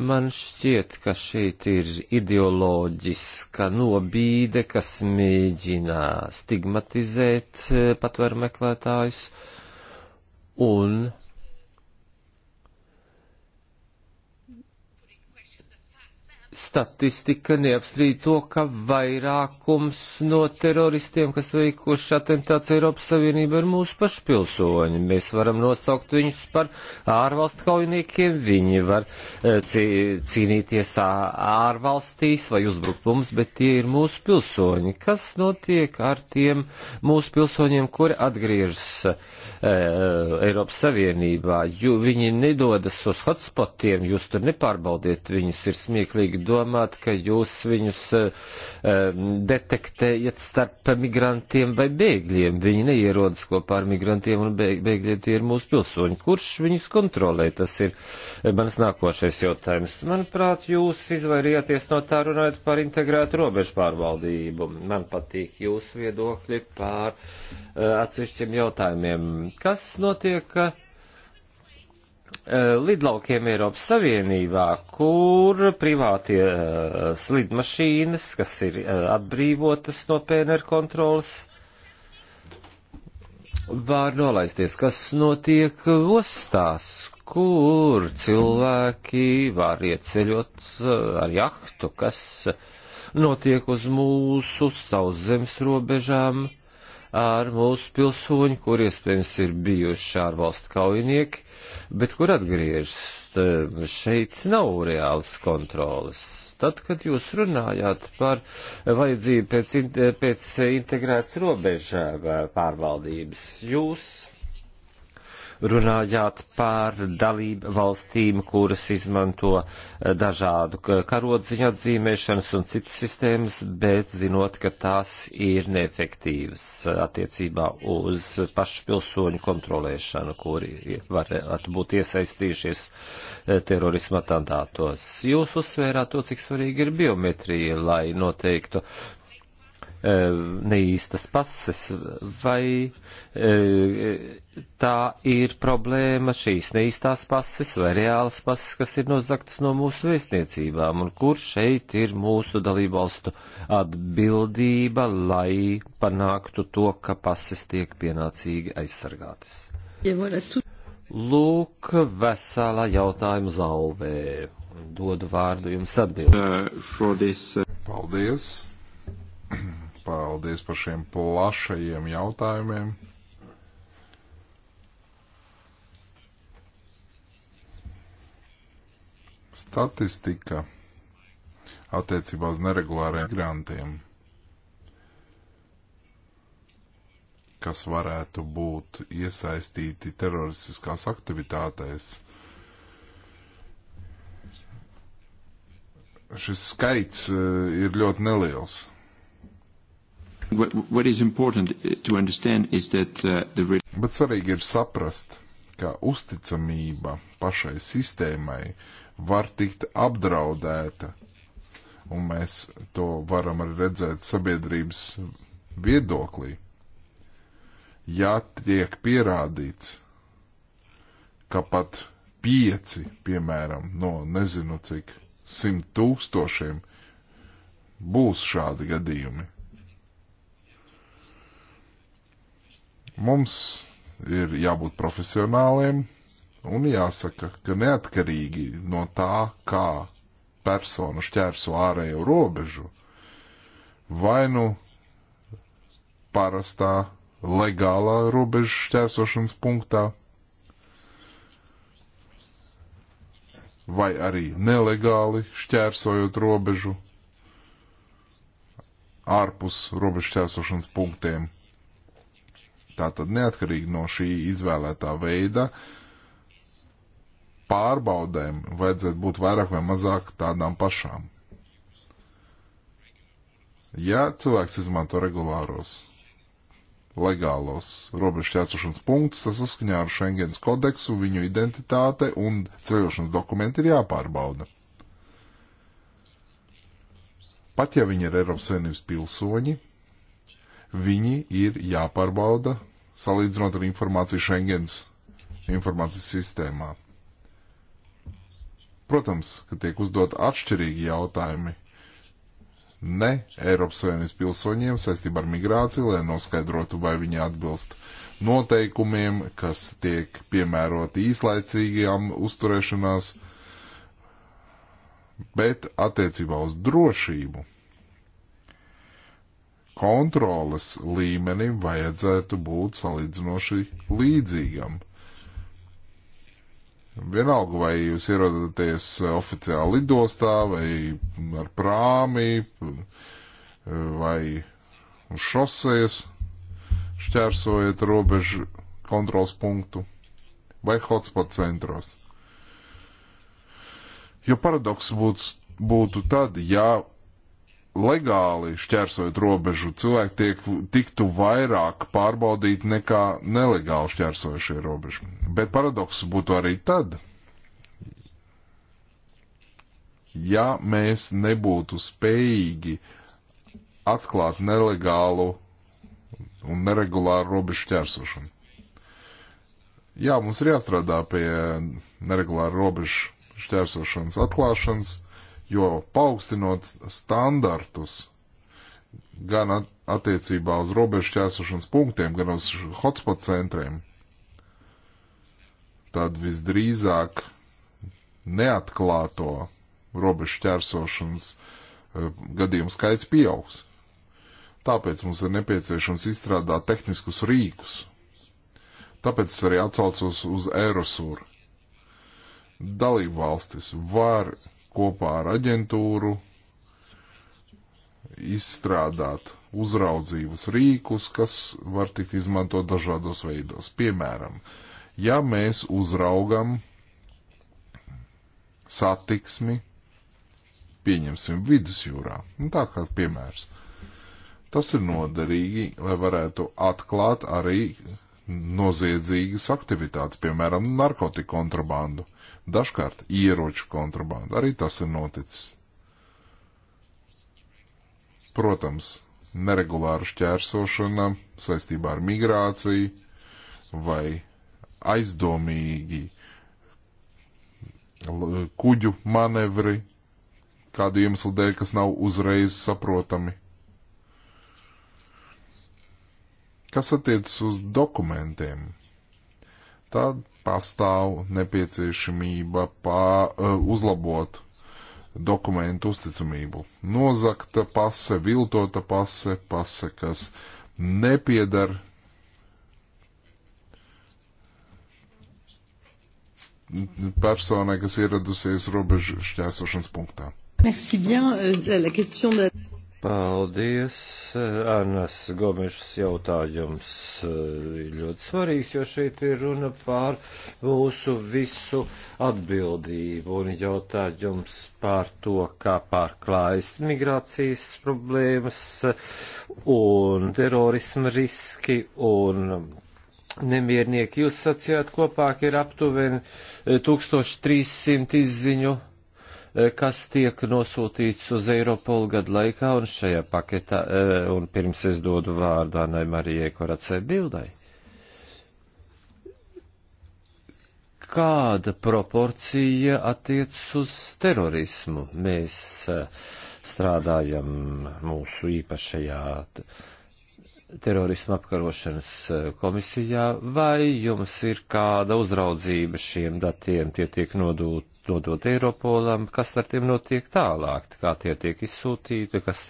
Man šķiet, ka šeit ir ideoloģiska nobīde, kas mēģina stigmatizēt eh, patvēru meklētājus, un statistika neapstrīd to, ka vairākums no teroristiem, kas veikuši atentāts Eiropas Savienībā, ir mūsu pašu pilsoņi. Mēs varam nosaukt viņus par ārvalstu kaujiniekiem, viņi var e, cīnīties ārvalstīs vai uzbrukt mums, bet tie ir mūsu pilsoņi. Kas notiek ar tiem mūsu pilsoņiem, kuri atgriežas e, Eiropas Savienībā? Jo viņi nedodas uz hotspotiem, jūs tur nepārbaudiet, viņus ir smieklīgi domāt, ka jūs viņus eh, detektējat starp migrantiem vai bēgļiem. Viņi neierodas kopā ar migrantiem un bēgļiem, tie ir mūsu pilsoņi. Kurš viņus kontrolē? Tas ir eh, mans nākošais jautājums. Manuprāt, jūs izvairījāties no tā runājot par integrētu robežu pārvaldību. Man patīk jūsu viedokļi pār eh, atsevišķiem jautājumiem. Kas notiek? Eh, lidlaukiem Eiropas Savienībā, kur privātie eh, slidmašīnas, kas ir eh, atbrīvotas no PNR kontrolas, var nolaisties, kas notiek ostās, kur cilvēki var ieceļot ar jahtu, kas notiek uz mūsu sauszemes robežām. Uh, ar mūsu pilsoņu, kur iespējams ir bijuši ārvalstu kaujinieki, bet kur atgriežas eh, šeit nav reāls kontrolas. Tad, kad jūs runājāt par vajadzību pēc, pēc integrētas robeža eh, pārvaldības, jūs runājāt par dalību valstīm, kuras izmanto eh, dažādu karodziņu atzīmēšanas un citas sistēmas, bet zinot, ka tās ir neefektīvas eh, attiecībā uz pašu pilsoņu kontrolēšanu, kuri varētu eh, būt iesaistījušies terorisma atentātos. Jūs uzsvērāt to, cik svarīgi ir biometrija, lai noteiktu E, neīstas pases, vai e, tā ir problēma šīs neīstās pases vai reālas pases, kas ir nozaktas no mūsu vēstniecībām, un kur šeit ir mūsu dalībvalstu atbildība, lai panāktu to, ka pases tiek pienācīgi aizsargātas. Lūk, veselā jautājuma zalvē. Dodu vārdu jums atbildēt. Uh, this, uh... Paldies! Paldies par šiem plašajiem jautājumiem. Statistika attiecībā uz neregulāriem migrantiem, kas varētu būt iesaistīti teroristiskās aktivitātēs. šis skaits eh, ir ļoti neliels. What, what is important uh, to understand is that uh, the... Bet svarīgi ir saprast, ka uzticamība pašai sistēmai var tikt apdraudēta, un mēs to varam arī redzēt sabiedrības viedoklī. Ja tiek pierādīts, ka pat pieci, piemēram, no nezinu cik simt tūkstošiem būs šādi gadījumi, Mums ir jābūt profesionāliem un jāsaka, ka neatkarīgi no tā, kā persona šķērso ārējo robežu, vai nu parastā legālā robežu šķērsošanas punktā, vai arī nelegāli šķērsojot robežu ārpus robežu šķērsošanas punktiem Tātad neatkarīgi no šī izvēlētā veida pārbaudēm vajadzētu būt vairāk vai mazāk tādām pašām. Ja cilvēks izmanto regulāros, legālos robežu ķērsošanas punktus, tas saskaņā ar Schengens kodeksu viņu identitāte un ceļošanas dokumenti ir jāpārbauda. Pat ja viņi ir Eiropas Savienības pilsoņi, viņi ir jāpārbauda salīdzinot ar informāciju Schengens informācijas sistēmā. Protams, ka tiek uzdot atšķirīgi jautājumi ne Eiropas Savienības pilsoņiem saistībā ar migrāciju, lai noskaidrotu, vai viņi atbilst noteikumiem, kas tiek piemēroti īslaicīgajām uzturēšanās, bet attiecībā uz drošību kontroles līmenim vajadzētu būt salīdzinoši līdzīgam. Vienalga, vai jūs ierodaties oficiāli lidostā, vai ar prāmi, vai uz šosejas šķērsojat robežu kontrols punktu, vai hotspot centros. Jo paradoks būtu, būtu tad, ja legāli šķērsojot robežu, cilvēki tiek, tiktu vairāk pārbaudīti nekā nelegāli šķērsojušie robežu. Bet paradoks būtu arī tad, ja mēs nebūtu spējīgi atklāt nelegālu un neregulāru robežu šķērsošanu. Jā, mums ir jāstrādā pie neregulāru robežu šķērsošanas atklāšanas jo paaugstinot standartus gan attiecībā uz robežu ķērsošanas punktiem, gan uz hotspot centriem, tad visdrīzāk neatklāto robežu ķērsošanas eh, gadījumu skaits pieaugs. Tāpēc mums ir nepieciešams izstrādāt tehniskus rīkus. Tāpēc es arī atsaucos uz Eirosūru. Dalību valstis var kopā ar aģentūru izstrādāt uzraudzības rīkus, kas var tikt izmantot dažādos veidos. Piemēram, ja mēs uzraugam satiksmi, pieņemsim vidusjūrā, nu, tā kā piemērs, tas ir noderīgi, lai varētu atklāt arī noziedzīgas aktivitātes, piemēram, narkotiku kontrabandu dažkārt ieroču kontrabanda. Arī tas ir noticis. Protams, neregulāra šķērsošana saistībā ar migrāciju vai aizdomīgi kuģu manevri kādu iemeslu dēļ, kas nav uzreiz saprotami. Kas attiecas uz dokumentiem? Tad pastāv nepieciešamība pā, eh, uzlabot dokumentu uzticamību. Nozakta pase, viltota pase, pase, kas nepiedar personai, kas ieradusies robežu šķērsošanas punktā. Merci bien. Euh, la question de... Paldies, Anas Gomešas jautājums eh, ļoti svarīgs, jo šeit ir runa pār mūsu visu atbildību un jautājums pār to, kā pārklājas migrācijas problēmas un terorisma riski un nemiernieki. Jūs sacījāt kopā, ka ir aptuveni 1300 izziņu Eh, kas tiek nosūtīts uz Eiropolu gadu laikā un šajā paketā, eh, un pirms es dodu vārdu Anai Marijai Koracē bildai. Kāda proporcija attiec uz terorismu? Mēs eh, strādājam mūsu īpašajā uh, terorismu apkarošanas eh, komisijā, vai jums ir kāda uzraudzība šiem datiem, tie tiek nodot, nodot Eiropolam, kas ar tiem notiek tālāk, kā tie tiek izsūtīti, kas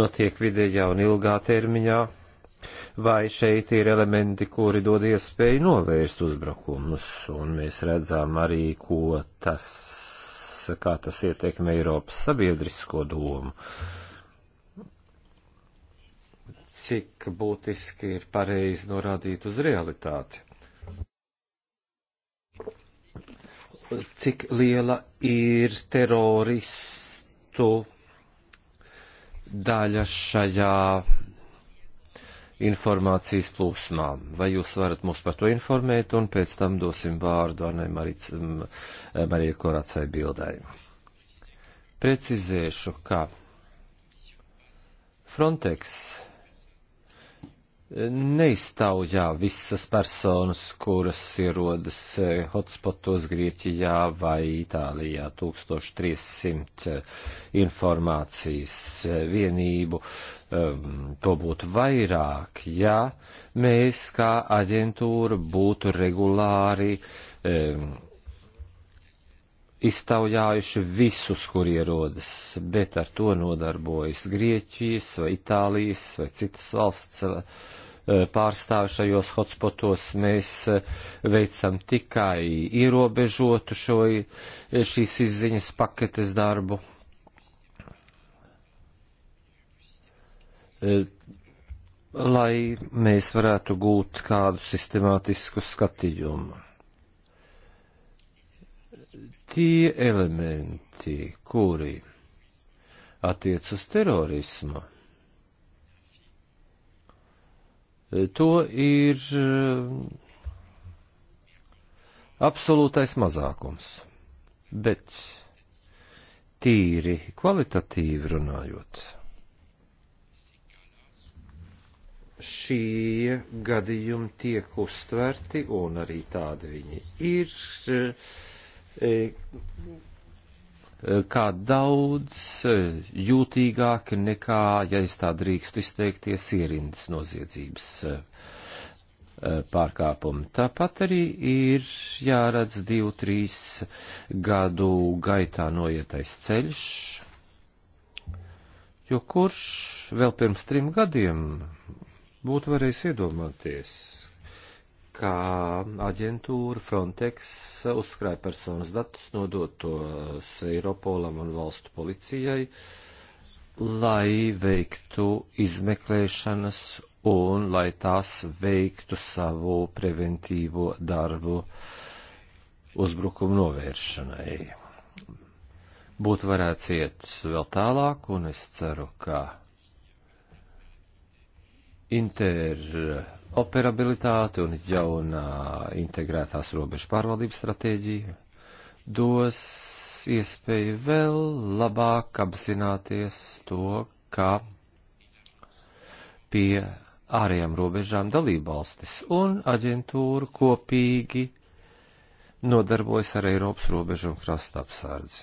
notiek vidējā un ilgā termiņā, vai šeit ir elementi, kuri dod iespēju novērst uzbrukumus, un mēs redzam arī, ko tas, kā tas ietekmē Eiropas sabiedrisko domu. Uh, cik būtiski ir pareizi norādīt uz realitāti. Cik liela ir teroristu daļa šajā informācijas plūsmā. Vai jūs varat mūs par to informēt, un pēc tam dosim vārdu Anai Marijai Koracai bildai. Precizēšu, ka Frontex neiztaujā visas personas, kuras ierodas e, hotspotos Grieķijā vai Itālijā 1300 e, informācijas e, vienību. To būtu vairāk, ja mēs kā aģentūra būtu regulāri iztaujājuši visus, kur ierodas, bet ar to nodarbojas Grieķijas vai Itālijas vai citas valsts eh, pārstāvi šajos hotspotos. Mēs eh, veicam tikai ierobežotu šo, šīs izziņas paketes darbu. Eh, lai mēs varētu gūt kādu sistemātisku skatījumu tie elementi, kuri attiec uz terorismu, to ir eh, absolūtais mazākums. Bet tīri kvalitatīvi runājot, šie gadījumi tiek uztverti, un arī tādi viņi ir eh, E, kā daudz e, jūtīgāk nekā, ja es tā drīkstu izteikties, ierindas noziedzības e, pārkāpumi. Tāpat arī ir jāredz divu, trīs gadu gaitā noietais ceļš, jo kurš vēl pirms trim gadiem būtu varējis iedomāties, kā aģentūra Frontex uzkrāja personas datus, nodot tos Eiropolam un valstu policijai, lai veiktu izmeklēšanas un lai tās veiktu savu preventīvo darbu uzbrukumu novēršanai. Būtu varēts iet vēl tālāk, un es ceru, ka interoperabilitāte un jaunā integrētās robežu pārvaldības stratēģija dos iespēju vēl labāk apzināties to, ka pie ārējām robežām dalībvalstis un aģentūra kopīgi nodarbojas ar Eiropas robežu un krasta apsardzi.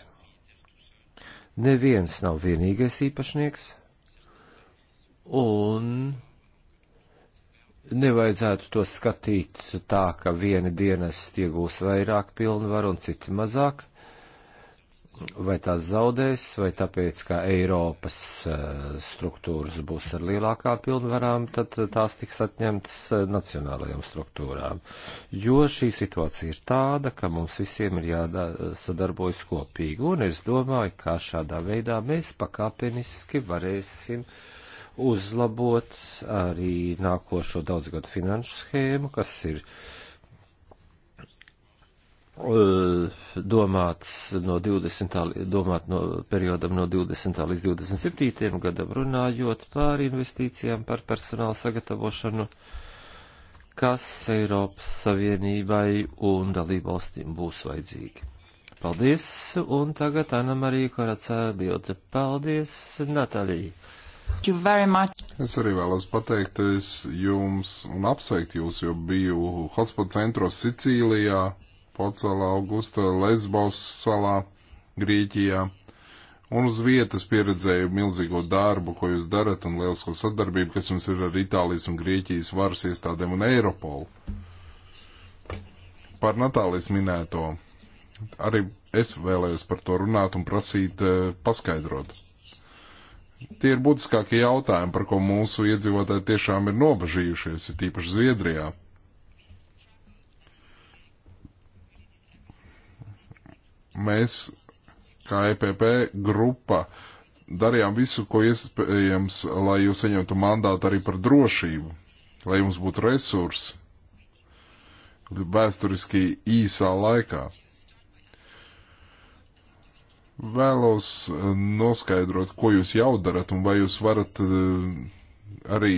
Neviens nav vienīgais īpašnieks, un nevajadzētu to skatīt tā, ka viena dienas iegūs vairāk pilnvaru un citi mazāk, vai tās zaudēs, vai tāpēc, ka Eiropas eh, struktūras būs ar lielākām pilnvarām, tad eh, tās tiks atņemtas eh, nacionālajām struktūrām. Jo šī situācija ir tāda, ka mums visiem ir jāsadarbojas kopīgi, un es domāju, ka šādā veidā mēs pakāpeniski varēsim uh, uzlabots arī nākošo daudzgadu finanšu schēmu, kas ir eh, domāts no 20. domāt no periodam no 20. līdz 27. gadam runājot par investīcijām, par personāla sagatavošanu kas Eiropas Savienībai un dalībvalstīm būs vajadzīgi. Paldies, un tagad Anna Marija Koracā bilde. Paldies, Natālija! Es arī vēlos pateikties jums un apsveikt jūs, jo biju hotspot centros Sicīlijā, Pocelā, Augusta, Lesbos salā, Grieķijā. Un uz vietas pieredzēju milzīgo darbu, ko jūs darat, un lielisko sadarbību, kas jums ir ar Itālijas un Grieķijas varas iestādēm un Eiropolu. Par Natālijas minēto. Arī es vēlējos par to runāt un prasīt, eh, paskaidrot. Tie ir būtiskākie jautājumi, par ko mūsu iedzīvotāji tiešām ir nobežījušies, ir tīpaši Zviedrijā. Mēs, kā EPP grupa, darījām visu, ko iespējams, lai jūs saņemtu mandātu arī par drošību, lai jums būtu resursi vēsturiski īsā laikā. Vēlos eh, noskaidrot, ko jūs jau darat un vai jūs varat eh, arī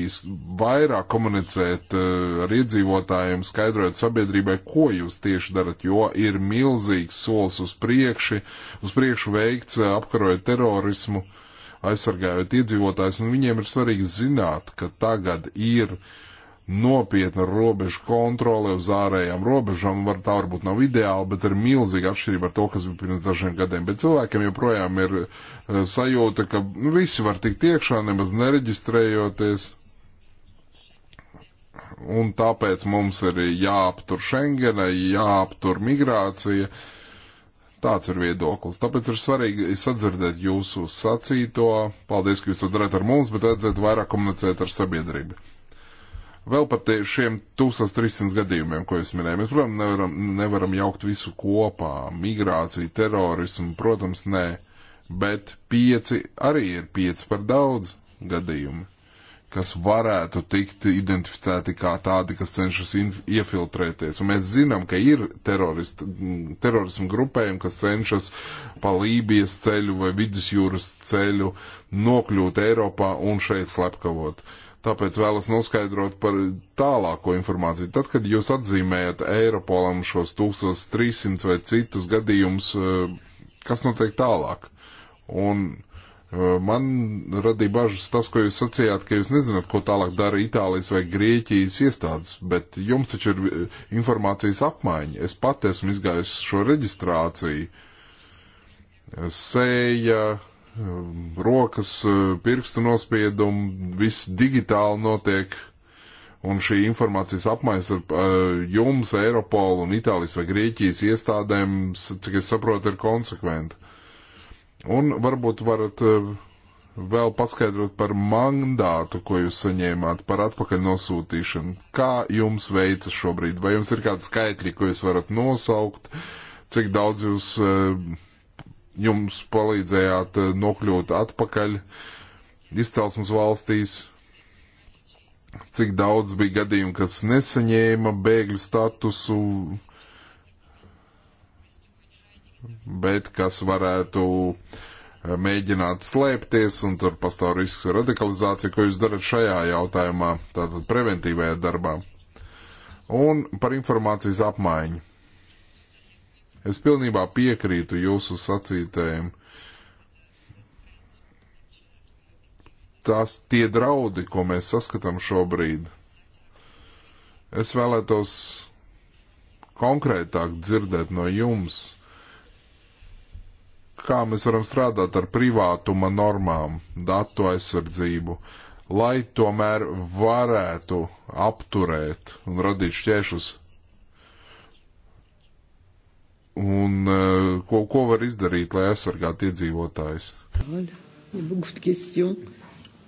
vairāk komunicēt eh, ar iedzīvotājiem, skaidrot sabiedrībai, ko jūs tieši darat, jo ir milzīgs solis uz priekšu, uz priekšu veikts apkarojot terorismu, aizsargājot iedzīvotājus, un viņiem ir svarīgi zināt, ka tagad ir uh, nopietna robežu kontrole uz ārējām robežām. Var, tā varbūt nav ideāla, bet ir milzīga atšķirība ar to, kas bija pirms dažiem gadiem. Bet cilvēkiem joprojām ir uh, sajūta, ka nu, visi var tikt iekšā, nemaz nereģistrējoties. Un tāpēc mums ir jāaptur Schengena, jāaptur migrācija. Tāds ir viedoklis. Tāpēc ir svarīgi sadzirdēt jūsu sacīto. Paldies, ka jūs to darāt ar mums, bet vajadzētu vairāk komunicēt ar sabiedrību vēl pat šiem 1300 gadījumiem, ko es minēju. Mēs, protams, nevaram, nevaram jaukt visu kopā. Migrācija, terorismu, protams, nē. Bet pieci arī ir pieci par daudz gadījumu, kas varētu tikt identificēti kā tādi, kas cenšas iefiltrēties. Un mēs zinām, ka ir terorismu grupējumi, kas cenšas pa Lībijas ceļu vai vidusjūras ceļu nokļūt Eiropā un šeit slepkavot. Uh, Tāpēc vēlos noskaidrot par tālāko informāciju. Tad, kad jūs atzīmējat Eiropolam šos 1300 vai citus gadījumus, eh, kas notiek tālāk? Un eh, man radīja bažas tas, ko jūs sacījāt, ka jūs nezināt, ko tālāk dara Itālijas vai Grieķijas iestādes, bet jums taču ir eh, informācijas apmaiņa. Es pat esmu izgājis šo reģistrāciju. Sēja, uh, Ehm, rokas, eh, pirkstu nospiedumu, viss digitāli notiek, un šī informācijas apmaiņas ar eh, jums, Eiropolu un Itālijas vai Grieķijas iestādēm, cik es saprotu, ir konsekventa. Un varbūt varat eh, vēl paskaidrot par mandātu, ko jūs saņēmāt, par atpakaļ nosūtīšanu. Kā jums veicas šobrīd? Vai jums ir kādi skaitļi, ko jūs varat nosaukt? Cik daudz jūs uh, jums palīdzējāt eh, nokļūt atpakaļ izcelsmes valstīs, cik daudz bija gadījumu, kas nesaņēma bēgļu statusu, bet kas varētu eh, mēģināt slēpties, un tur pastāv risks radikalizācija, ko jūs darat šajā jautājumā, tātad preventīvajā darbā. Un par informācijas apmaiņu Es pilnībā piekrītu jūsu sacītējiem. Tās tie draudi, ko mēs saskatām šobrīd, es vēlētos konkrētāk dzirdēt no jums, kā mēs varam strādāt ar privātuma normām, datu aizsardzību, lai tomēr varētu apturēt un radīt šķēršus un eh, ko, ko var izdarīt, lai aizsargātu iedzīvotājus?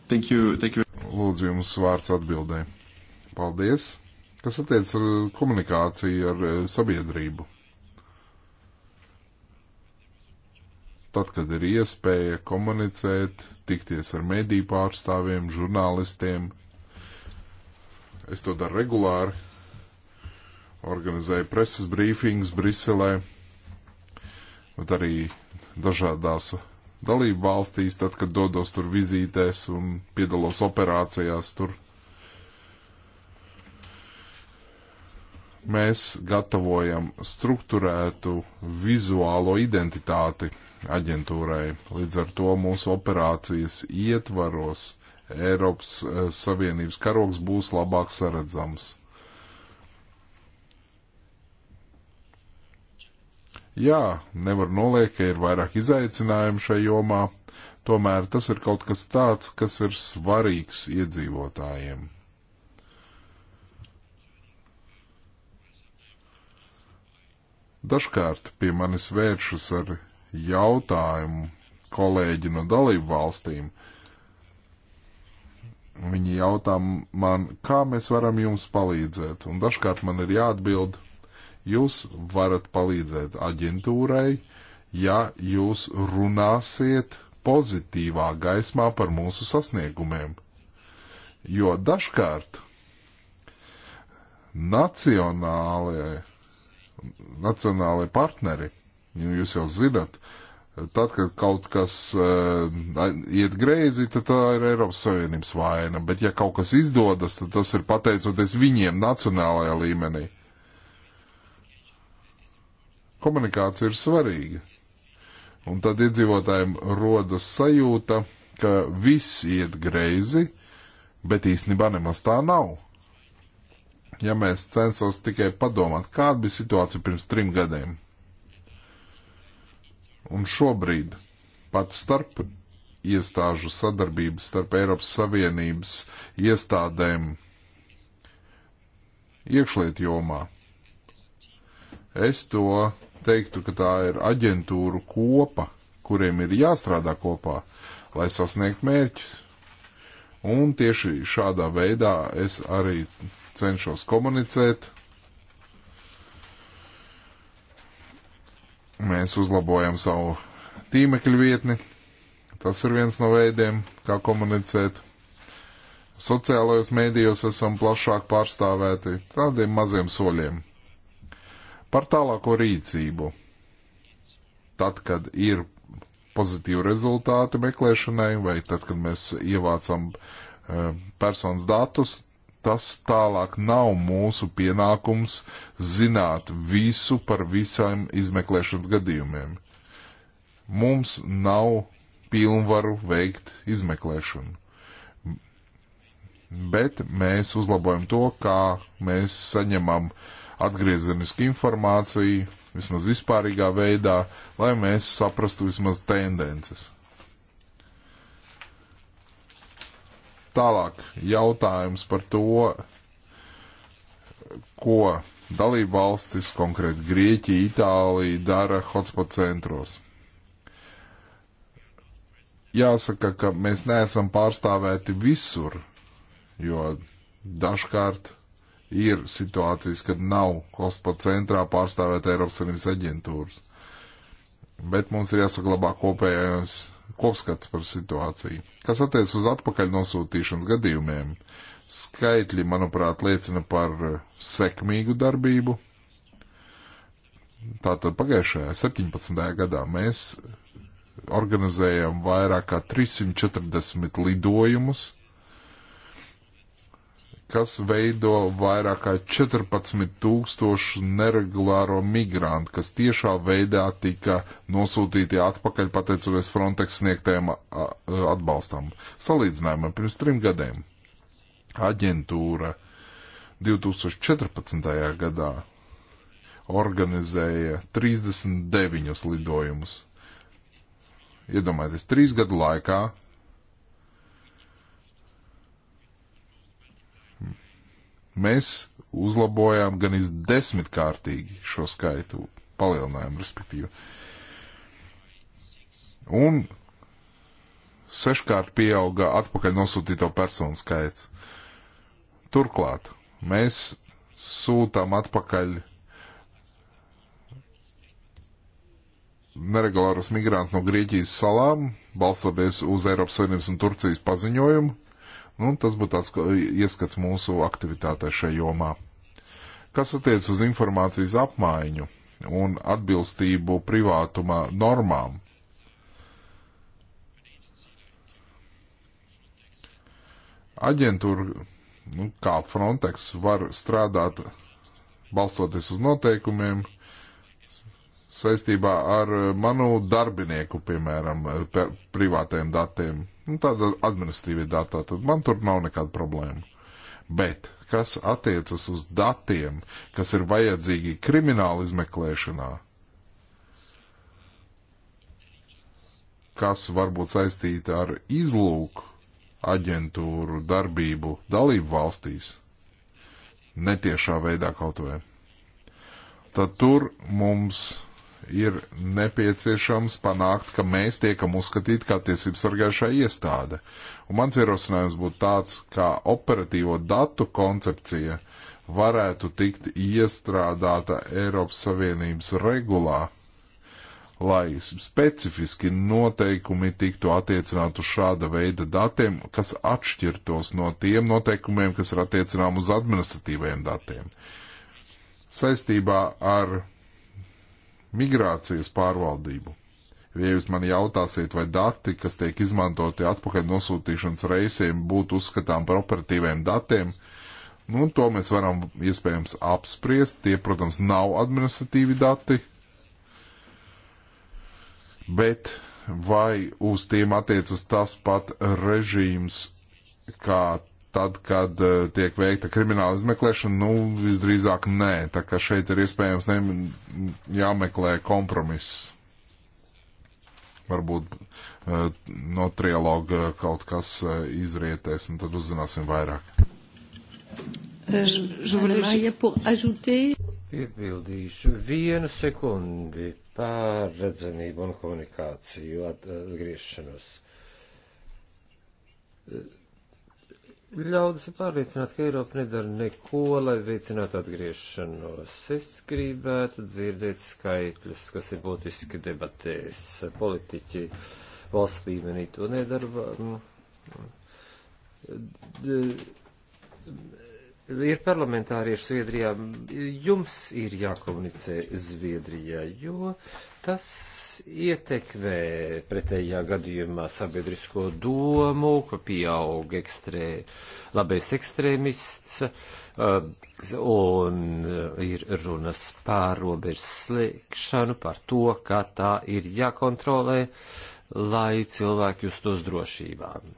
Thank you, thank you. Lūdzu, jums vārds atbildē. Paldies. Kas attiec ar komunikāciju ar eh, sabiedrību? Tad, kad ir iespēja komunicēt, tikties ar mediju pārstāvjiem, žurnālistiem, es to daru regulāri, organizēju preses brīfings Briselē, bet arī dažādās dalību valstīs, tad, kad dodos tur vizītēs un piedalos operācijās tur. Mēs gatavojam struktūrētu vizuālo identitāti aģentūrai. Līdz ar to mūsu operācijas ietvaros Eiropas eh, Savienības karoks būs labāk saredzams. Jā, nevar noliekt, ka ir vairāk izaicinājumu šai jomā, tomēr tas ir kaut kas tāds, kas ir svarīgs iedzīvotājiem. Dažkārt pie manis vēršas ar jautājumu kolēģi no dalību valstīm, Viņi jautā man, kā mēs varam jums palīdzēt, un dažkārt man ir jāatbild, Jūs varat palīdzēt aģentūrai, ja jūs runāsiet pozitīvā gaismā par mūsu sasniegumiem. Jo dažkārt nacionālie, nacionālie partneri, jūs jau zinat, tad, kad kaut kas uh, iet greizi, tad tā ir Eiropas Savienības vaina, bet ja kaut kas izdodas, tad tas ir pateicoties viņiem nacionālajā līmenī. Uh, Komunikācija ir svarīga. Un tad iedzīvotājiem rodas sajūta, ka viss iet greizi, bet īstenībā nemaz tā nav. Ja mēs censos tikai padomāt, kāda bija situācija pirms trim gadiem. Un šobrīd pat starp iestāžu sadarbības starp Eiropas Savienības iestādēm iekšliet jomā. Es to teiktu, ka tā ir aģentūru kopa, kuriem ir jāstrādā kopā, lai sasniegt mērķus. Un tieši šādā veidā es arī cenšos komunicēt. Mēs uzlabojam savu tīmekļu vietni. Tas ir viens no veidiem, kā komunicēt. Sociālajos mēdījos esam plašāk pārstāvēti tādiem maziem soļiem. Par tālāko rīcību. Tad, kad ir pozitīvu rezultātu meklēšanai, vai tad, kad mēs ievācam uh, personas datus, tas tālāk nav mūsu pienākums zināt visu par visiem izmeklēšanas gadījumiem. Mums nav pilnvaru veikt izmeklēšanu. Bet mēs uzlabojam to, kā mēs saņemam uh, atgriezeniski informāciju, vismaz vispārīgā veidā, lai mēs saprastu vismaz tendences. Tālāk jautājums par to, ko dalība valstis, konkrēti Grieķija, Itālija, dara hotspot centros. Jāsaka, ka mēs neesam pārstāvēti visur, jo dažkārt ir situācijas, kad nav Kospo centrā pārstāvēt Eiropas Savienības aģentūras. Bet mums ir jāsaglabā kopējais kopskats par situāciju. Kas attiec uz atpakaļ nosūtīšanas gadījumiem, skaitļi, manuprāt, liecina par sekmīgu darbību. Tātad pagājušajā 17. gadā mēs organizējam vairāk kā 340 lidojumus kas veido vairāk kā 14 tūkstošu neregulāro migrantu, kas tiešā veidā tika nosūtīti atpakaļ pateicoties Frontex sniegtajam atbalstam. Salīdzinājumam pirms trim gadiem aģentūra 2014. gadā organizēja 39 lidojumus. Iedomājieties, trīs gadu laikā Mēs uzlabojām gan desmitkārtīgi šo skaitu palielinājumu, respektīvi. Un seškārt pieauga atpakaļ nosūtīto personu skaits. Turklāt mēs sūtām atpakaļ neregulārus migrāntus no Grieķijas salām, balstoties uz Eiropas Savienības un Turcijas paziņojumu. Nu, tas būtu tāds ieskats mūsu aktivitātē šajā jomā. Kas attiec uz informācijas apmaiņu un atbilstību privātuma normām? Aģentūra, nu, kā Frontex, var strādāt balstoties uz noteikumiem saistībā ar manu darbinieku, piemēram, privātiem datiem Nu, tāda administratīvie datā, tad man tur nav nekāda problēma. Bet, kas attiecas uz datiem, kas ir vajadzīgi krimināla izmeklēšanā, kas varbūt saistīta ar izlūku aģentūru darbību dalību valstīs, netiešā veidā kaut vai, tad tur mums ir nepieciešams panākt, ka mēs tiekam uzskatīti kā tiesības sargājušā iestāde. Un mans ierosinājums būtu tāds, kā operatīvo datu koncepcija varētu tikt iestrādāta Eiropas Savienības regulā, lai specifiski noteikumi tiktu attiecināti uz šāda veida datiem, kas atšķirtos no tiem noteikumiem, kas ir attiecinām uz administratīvajiem datiem. Saistībā ar migrācijas pārvaldību. Ja jūs man jautāsiet, vai dati, kas tiek izmantoti atpakaļ nosūtīšanas reisiem, būtu uzskatām par operatīviem datiem, nu, to mēs varam iespējams apspriest. Tie, protams, nav administratīvi dati, bet vai uz tiem attiecas tas pat režīms kā tad, kad e, tiek veikta krimināla izmeklēšana, nu, visdrīzāk nē. Tā kā šeit ir iespējams ne, jāmeklē kompromiss. Varbūt e, no trialoga kaut kas e, izrietēs, un tad uzzināsim vairāk. Euh, Piebildīšu vienu sekundi par redzamību un komunikāciju atgriešanos Ļaudis ir pārliecināti, ka Eiropa nedara neko, lai veicinātu atgriešanos. Es gribētu dzirdēt skaitļus, kas ir būtiski debatēs. Politiķi valsts līmenī to nedara. Mm. Ir parlamentārieši Zviedrijā. Jums ir jākomunicē Zviedrijā, jo tas ietekmē pretējā gadījumā sabiedrisko domu, ka pieaug ekstrē, labais ekstrēmists, eh, un eh, ir runas pār robežu slēgšanu, par to, ka tā ir jākontrolē, lai cilvēki justos drošībām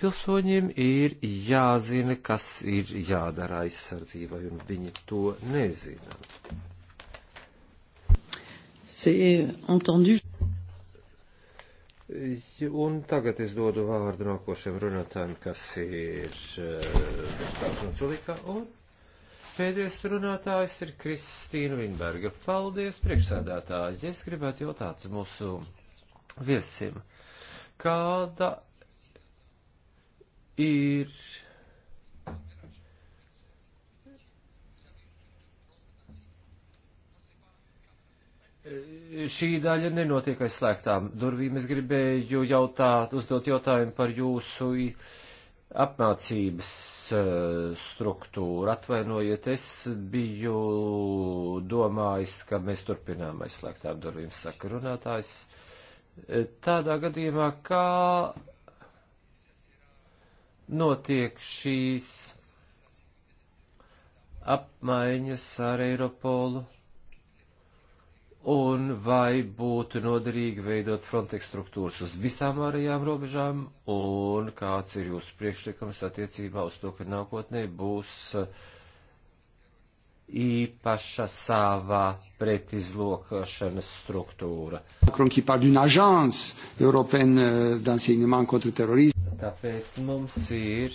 pilsoņiem ir jāzina, kas ir jādara aizsardzībai, un viņi to nezina. C'est entendu. Un tagad es dodu vārdu nākošiem runātājiem, kas ir eh, Zulika. Un pēdējais runātājs ir Kristīna Vinberga. Paldies, priekšsēdētāji. Es gribētu jautāt mūsu viesim, kāda ir šī daļa nenotiek aizslēgtām durvīm. Es gribēju jautāt, uzdot jautājumu par jūsu apmācības eh, struktūru. Atvainojiet, es biju domājis, ka mēs turpinām aizslēgtām durvīm saka runātājs. Eh, tādā gadījumā, kā notiek šīs apmaiņas ar Eiropolu? un vai būtu noderīgi veidot Frontex struktūras uz visām ārējām robežām, un kāds ir jūsu priekšlikums attiecībā uz to, ka nākotnē būs uh, īpaša savā pretizlokošanas struktūra. Euh, Tāpēc mums ir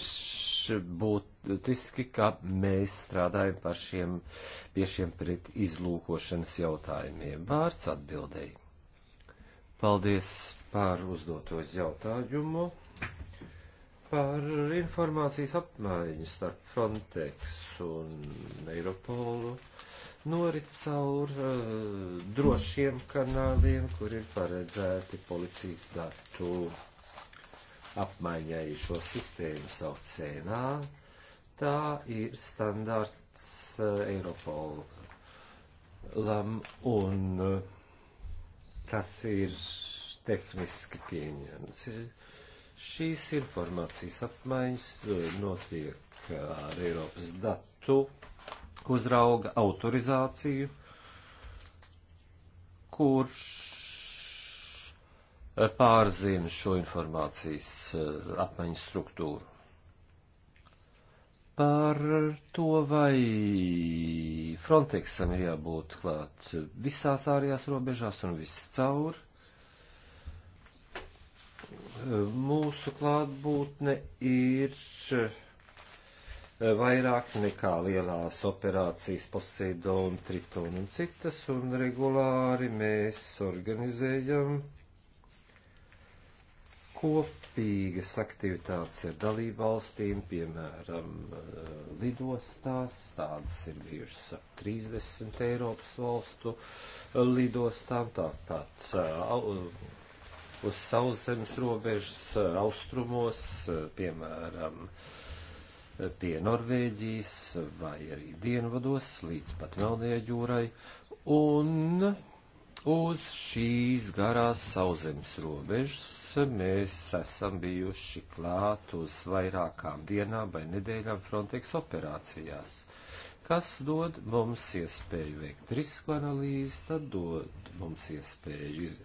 būtiski, ka mēs strādājam par šiem, pie šiem pret izlūkošanas jautājumiem. Vārds atbildēji. Paldies par uzdoto jautājumu par informācijas apmaiņu starp Frontex un Eiropolu norit caur uh, drošiem kanāliem, kur ir paredzēti policijas datu apmaiņai šo sistēmu sauc sēnā. Tā ir standarts eh, Eiropolam un eh, tas ir tehniski pieņemts. Šīs informācijas apmaiņas eh, notiek ar Eiropas datu uzrauga autorizāciju, kurš pārzina šo informācijas eh, apmaiņas struktūru. Par to, vai Frontexam ir jābūt klāt visās ārējās robežās un viss caur, eh, mūsu klātbūtne ir eh, vairāk nekā lielās operācijas Poseidon, Triton un citas, un regulāri mēs organizējam uh, kopīgas aktivitātes ar dalību valstīm, piemēram, lidostās, tādas ir bijušas ap 30 Eiropas valstu lidostām, tāpat uh, uz sauszemes robežas uh, austrumos, uh, piemēram, pie Norvēģijas vai arī dienvados līdz pat Melnajai jūrai. Un uz šīs garās sauzemes robežas mēs esam bijuši klāt uz vairākām dienām vai nedēļām Frontex operācijās, kas dod mums iespēju veikt risku analīzi, tad dod mums iespēju iz,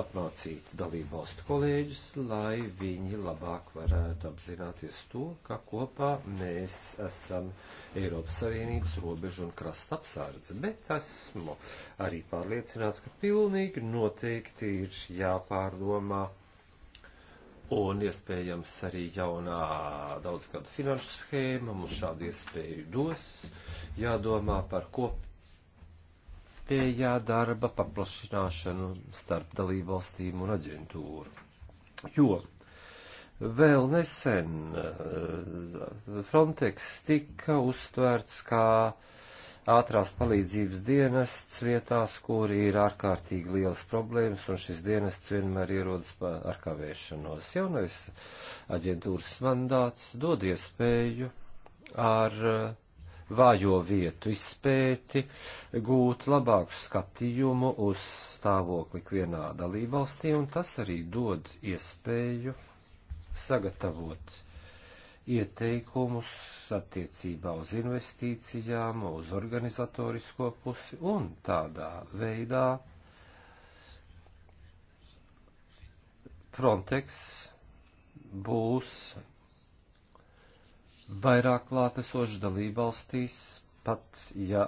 apmācīt dalību valstu kolēģus, lai viņi labāk varētu apzināties to, ka kopā mēs esam Eiropas Savienības robežu un krasta apsardze. Bet esmu arī pārliecināts, ka pilnīgi noteikti ir jāpārdomā un iespējams arī jaunā daudzgadu finanšu schēma mums šādu iespēju dos. Jādomā par kopu kopējā darba paplašināšanu starp dalībvalstīm un aģentūru. Jo vēl nesen eh, Frontex tika uztvērts kā ātrās palīdzības dienests vietās, kur ir ārkārtīgi liels problēmas, un šis dienests vienmēr ierodas ar kavēšanos. Jaunais aģentūras mandāts dod iespēju ar uh, vājo vietu izpēti, gūt labāku skatījumu uz stāvokli vienā dalībvalstī, un tas arī dod iespēju sagatavot ieteikumus attiecībā uz investīcijām, uz organizatorisko pusi un tādā veidā Frontex būs vairāk klātesoši dalībvalstīs, pat ja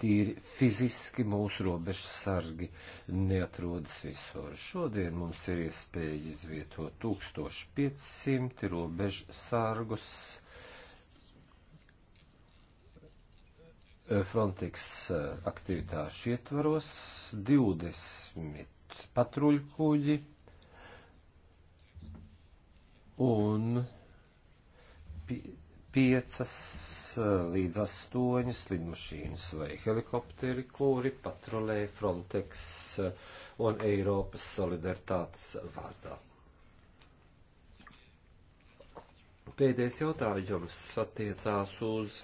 tīri fiziski mūsu robežas sargi neatrodas visur. Šodien mums ir iespēja izvietot 1500 robežas sargus. Frontex eh, aktivitāšu ietvaros 20 patruļkuģi un piecas līdz astoņas lidmašīnas vai helikopteri, kuri patrulē Frontex un Eiropas solidaritātes vārdā. Pēdējais jautājums attiecās uz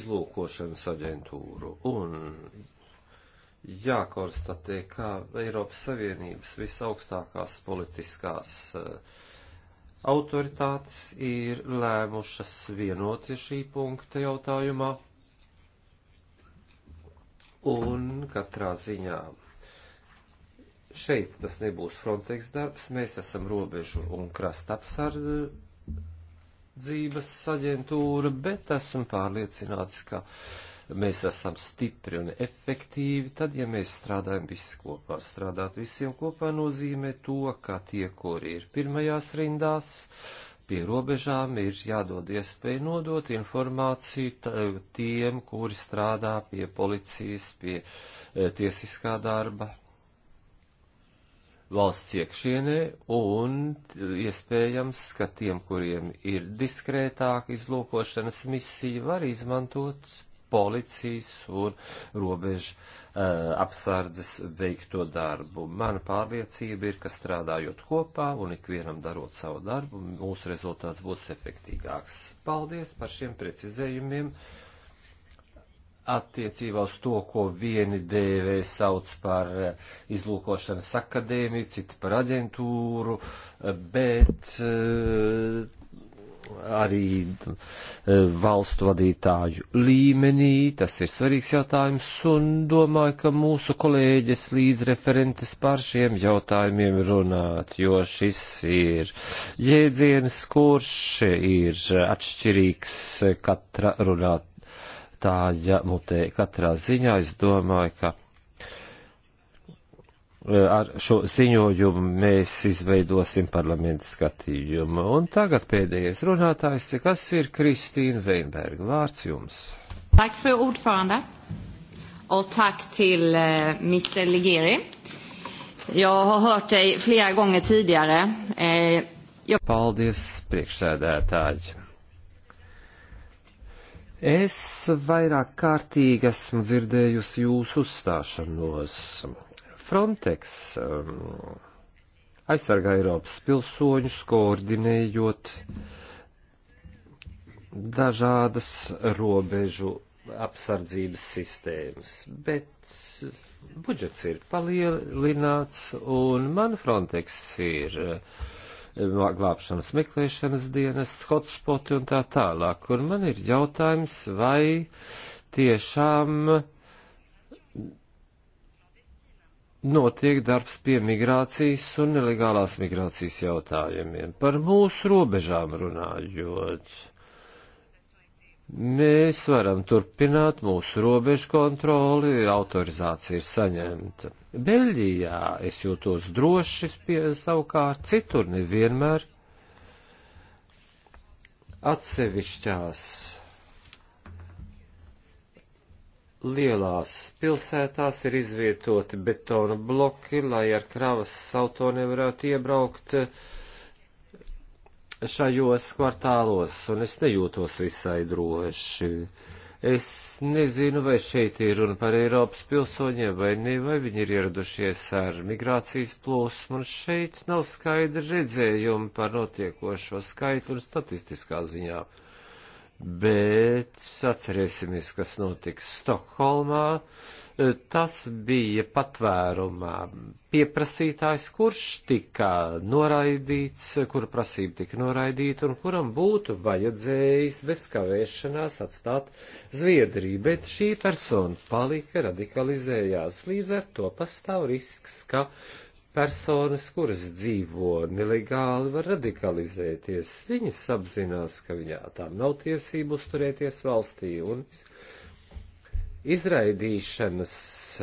izlūkošanas aģentūru un jākonstatē, ka Eiropas Savienības visaugstākās politiskās uh, autoritātes ir lēmušas vienoties šī punkta jautājumā. Un katrā ziņā šeit tas nebūs Frontex darbs, mēs esam robežu un krasta apsardzības aģentūra, bet esmu pārliecināts, ka uh, mēs esam stipri un efektīvi, tad, ja mēs strādājam visi kopā, strādāt visiem kopā nozīmē to, ka tie, kuri ir pirmajās rindās, pie robežām ir jādod iespēja nodot informāciju tiem, kuri strādā pie policijas, pie e, tiesiskā darba valsts iekšienē, un iespējams, ka tiem, kuriem ir diskrētāka izlūkošanas misija, var izmantot policijas un robežu uh, apsardzes veikto darbu. Mana pārliecība ir, ka strādājot kopā un ikvienam darot savu darbu, mūsu rezultāts būs efektīgāks. Paldies par šiem precizējumiem attiecībā uz to, ko vieni dēvē sauc par eh, izlūkošanas akadēmiju, citi par aģentūru, eh, bet arī e, valstu vadītāju līmenī. Tas ir svarīgs jautājums, un domāju, ka mūsu kolēģis līdzreferentes par šiem jautājumiem runāt, jo šis ir jēdziens, kurš ir atšķirīgs katra runātāja mutē. Katrā ziņā es domāju, ka Eh, ar šo ziņojumu mēs izveidosim parlamentu skatījumu. Un tagad pēdējais runātājs, kas ir Kristīna Veinberga. Vārds jums. Tak, fru ordförande. Och tack till eh, Mr. Ligeri. Jag har hört dig flera gånger tidigare. Eh, jag... Paldies, priekšsēdētāji. Es vairāk kārtīgi esmu dzirdējusi jūsu uzstāšanos. Frontex um, aizsargā Eiropas pilsoņus, koordinējot dažādas robežu apsardzības sistēmas, bet budžets ir palielināts un man Frontex ir uh, glābšanas meklēšanas dienas, hotspoti un tā tālāk. Un man ir jautājums, vai tiešām notiek darbs pie migrācijas un nelegālās migrācijas jautājumiem. Par mūsu robežām runājot, mēs varam turpināt mūsu robežu kontroli, autorizācija ir saņemta. Beļģijā es jūtos droši, pie, savukārt citur nevienmēr atsevišķās Lielās pilsētās ir izvietoti betona bloki, lai ar kravas auto nevarētu iebraukt eh, šajos kvartālos, un es nejūtos visai droši. Es nezinu, vai šeit ir runa par Eiropas pilsoņiem vai ne, vai viņi ir ieradušies ar migrācijas plūsmu, un šeit nav skaidra redzējuma par notiekošo skaitļu un statistiskā ziņā bet atcerēsimies, kas notiks Stokholmā. E, tas bija patvērumā pieprasītājs, kurš tika noraidīts, kura prasība tika noraidīta un kuram būtu vajadzējis bez kavēšanās atstāt Zviedriju, bet šī persona palika radikalizējās. Līdz ar to pastāv risks, ka personas, kuras dzīvo nelegāli, var radikalizēties. Viņas apzinās, ka viņā tām nav tiesību uzturēties valstī, un izraidīšanas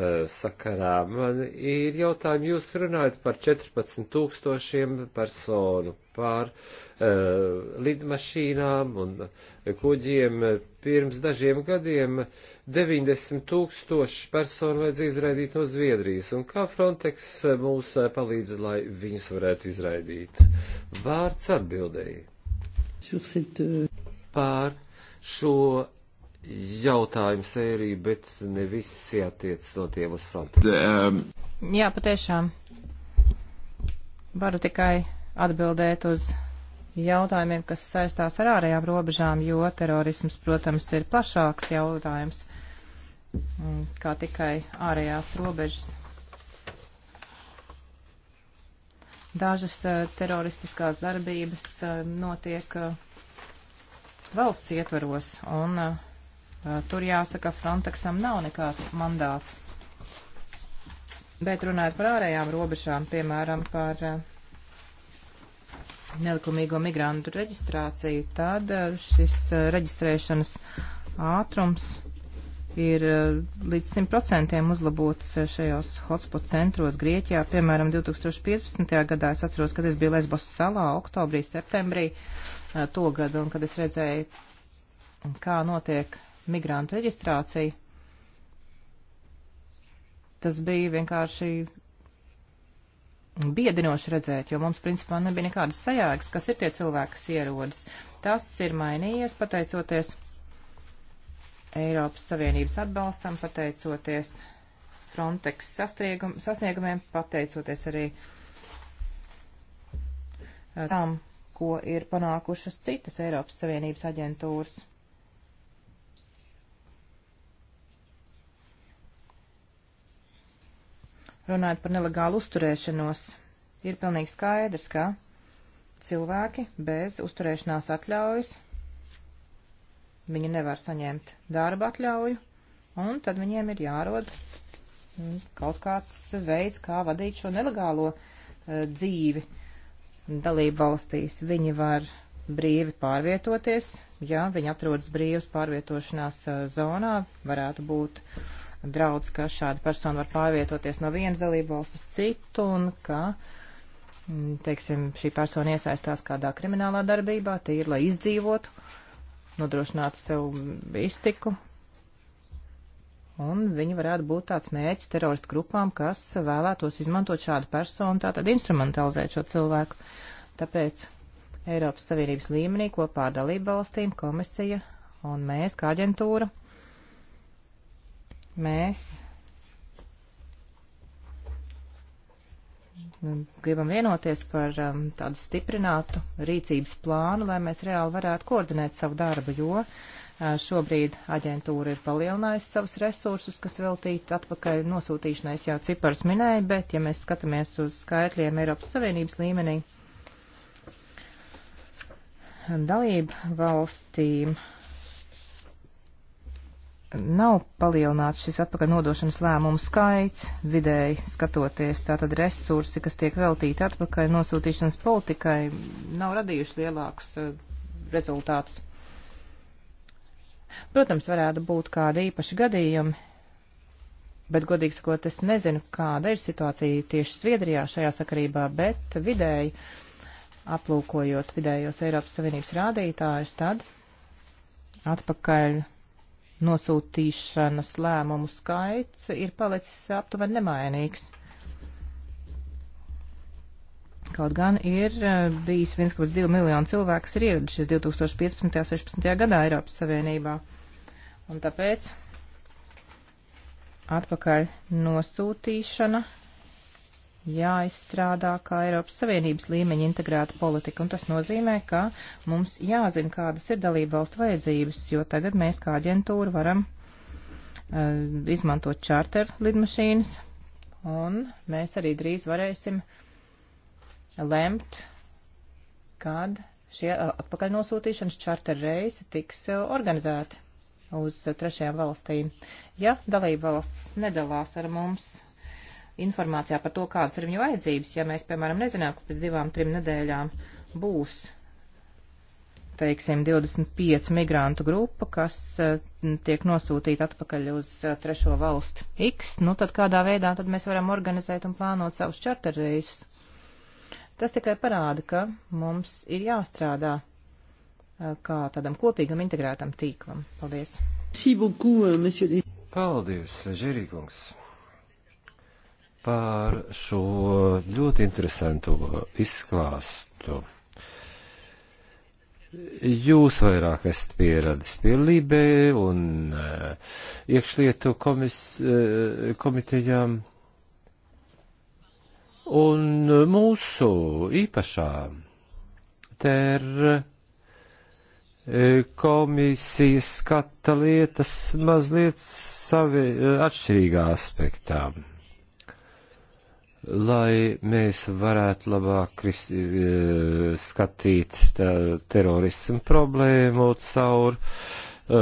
eh, sakarā man ir jautājumi, jūs runājat par 14 tūkstošiem personu, par uh, lidmašīnām un kuģiem. Pirms dažiem gadiem 90 tūkstoši personu vajadzēja izraidīt no Zviedrijas, un kā Frontex mūs eh, palīdz, lai viņus varētu izraidīt? Vārds atbildēji. Euh, par šo jautājumu sēriju, bet ne visi attiec no tiem uz fronti. Um. Jā, patiešām. Varu tikai atbildēt uz jautājumiem, kas saistās ar ārējām robežām, jo terorisms, protams, ir plašāks jautājums mm, kā tikai ārējās robežas. Dažas uh, teroristiskās darbības uh, notiek uh, valsts ietvaros, un uh, Eh, tur jāsaka, Frontexam nav nekāds mandāts. Bet runājot par ārējām robežām, piemēram, par eh, nelikumīgo migrantu reģistrāciju, tad eh, šis reģistrēšanas ātrums ir līdz 100% uzlabots šajos hotspot centros Grieķijā. Piemēram, 2015. gadā es atceros, kad es biju Lesbos salā oktobrī, septembrī to gadu, un kad es redzēju, kā notiek migrantu reģistrāciju. Tas bija vienkārši biedinoši redzēt, jo mums principā nebija nekādas sajēgas, kas ir tie cilvēki, kas ierodas. Tas ir mainījies pateicoties Eiropas Savienības atbalstam, pateicoties Frontex sasniegumiem, pateicoties arī eh, tam, ko ir panākušas citas Eiropas Savienības aģentūras. runājot par nelegālu uzturēšanos, ir pilnīgi skaidrs, ka cilvēki bez uzturēšanās atļaujas, viņi nevar saņemt darba atļauju, un tad viņiem ir jārod mm, kaut kāds veids, kā vadīt šo nelegālo uh, dzīvi dalību valstīs. Viņi var brīvi pārvietoties, ja viņi atrodas brīvas pārvietošanās uh, zonā, varētu būt uh, draudz, ka šāda persona var pārvietoties no vienas dalību valsts uz citu un ka, mm, teiksim, šī persona iesaistās kādā kriminālā darbībā, tie ir, lai izdzīvotu, nodrošinātu sev iztiku. Un viņi varētu būt tāds mēģis teroristu grupām, kas vēlētos izmantot šādu personu, tātad instrumentalizēt šo cilvēku. Tāpēc Eiropas Savienības līmenī kopā ar dalību valstīm komisija un mēs kā aģentūra mēs gribam vienoties par um, tādu stiprinātu rīcības plānu, lai mēs reāli varētu koordinēt savu darbu, jo uh, šobrīd aģentūra ir palielinājusi savus resursus, kas veltīti atpakaļ nosūtīšanai, jau cipars minēja, bet ja mēs skatāmies uz skaitļiem Eiropas Savienības līmenī, dalību valstīm nav palielināts šis atpakaļ nodošanas lēmumu skaits vidēji skatoties. Tātad resursi, kas tiek veltīti atpakaļ nosūtīšanas politikai, nav radījuši lielākus uh, rezultātus. Protams, varētu būt kādi īpaši gadījumi, bet godīgi sakot, es nezinu, kāda ir situācija tieši Sviedrijā šajā sakarībā, bet vidēji aplūkojot vidējos Eiropas Savienības rādītājus, tad atpakaļ nosūtīšanas lēmumu skaits ir palicis aptuveni nemainīgs. Kaut gan ir e, bijis 1,2 miljonu cilvēku, kas ir ieradušies 2015. un 2016. gadā Eiropas Savienībā. Un tāpēc atpakaļ nosūtīšana jāizstrādā kā Eiropas Savienības līmeņa integrēta politika, un tas nozīmē, ka mums jāzina, kādas ir dalība valstu vajadzības, jo tagad mēs kā aģentūra varam uh, izmantot čārter lidmašīnas, un mēs arī drīz varēsim lemt, kad šie uh, eh, atpakaļnosūtīšanas čārter reisi tiks uh, organizēti uz trešajām valstīm. Ja dalība valsts nedalās ar mums informācijā par to, kādas ir viņu vajadzības. Ja mēs, piemēram, nezinām, ka pēc divām, trim nedēļām būs, teiksim, 25 migrantu grupa, kas eh, tiek nosūtīta atpakaļ uz eh, trešo valstu X, nu tad kādā veidā tad mēs varam organizēt un plānot savus čarterreisus. Tas tikai parāda, ka mums ir jāstrādā eh, kā tādam kopīgam integrētam tīklam. Paldies! Euh, Paldies, Žerīkungs! par šo ļoti interesantu izklāstu. Jūs vairāk esat pieradis pie Libē un eh, iekšlietu komis, eh, komitejām. Un mūsu īpašā ter eh, komisija skata lietas mazliet savi atšķirīgā aspektā lai mēs varētu labāk e, skatīt terorismu problēmu caur e,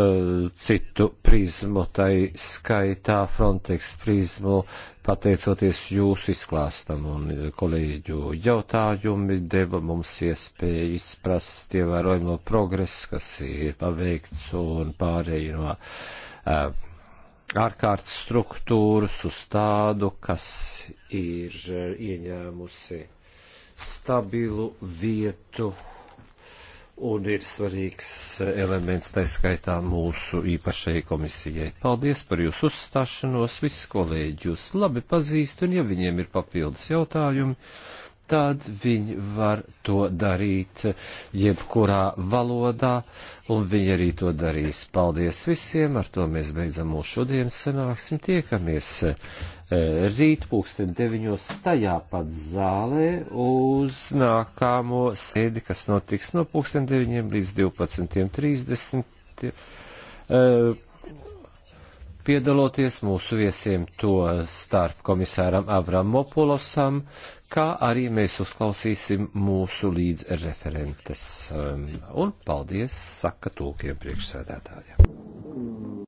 citu prizmu, tai skaitā Frontex prizmu, pateicoties jūsu izklāstam un kolēģu jautājumi deva mums iespēju izprast ievērojamo progresu, kas ir paveikts un pārēju no. Uh, ārkārtas struktūras uz tādu, kas ir eh, ieņēmusi stabilu vietu un ir svarīgs eh, elements, tā skaitā mūsu īpašai komisijai. Paldies par jūsu uzstāšanos, visus kolēģi jūs labi pazīst, un ja viņiem ir papildus jautājumi, tad viņi var to darīt jebkurā valodā, un viņi arī to darīs. Paldies visiem, ar to mēs beidzam mūsu šodienas sanāksim, tiekamies eh, rīt pūksteni deviņos tajā pat zālē uz nākamo sēdi, kas notiks no pūksteni deviņiem līdz 12.30. Uh, piedaloties mūsu viesiem to starp komisāram Avramopulosam, kā arī mēs uzklausīsim mūsu līdzreferentes. Um, un paldies, saka tūkiem priekšsēdētājiem.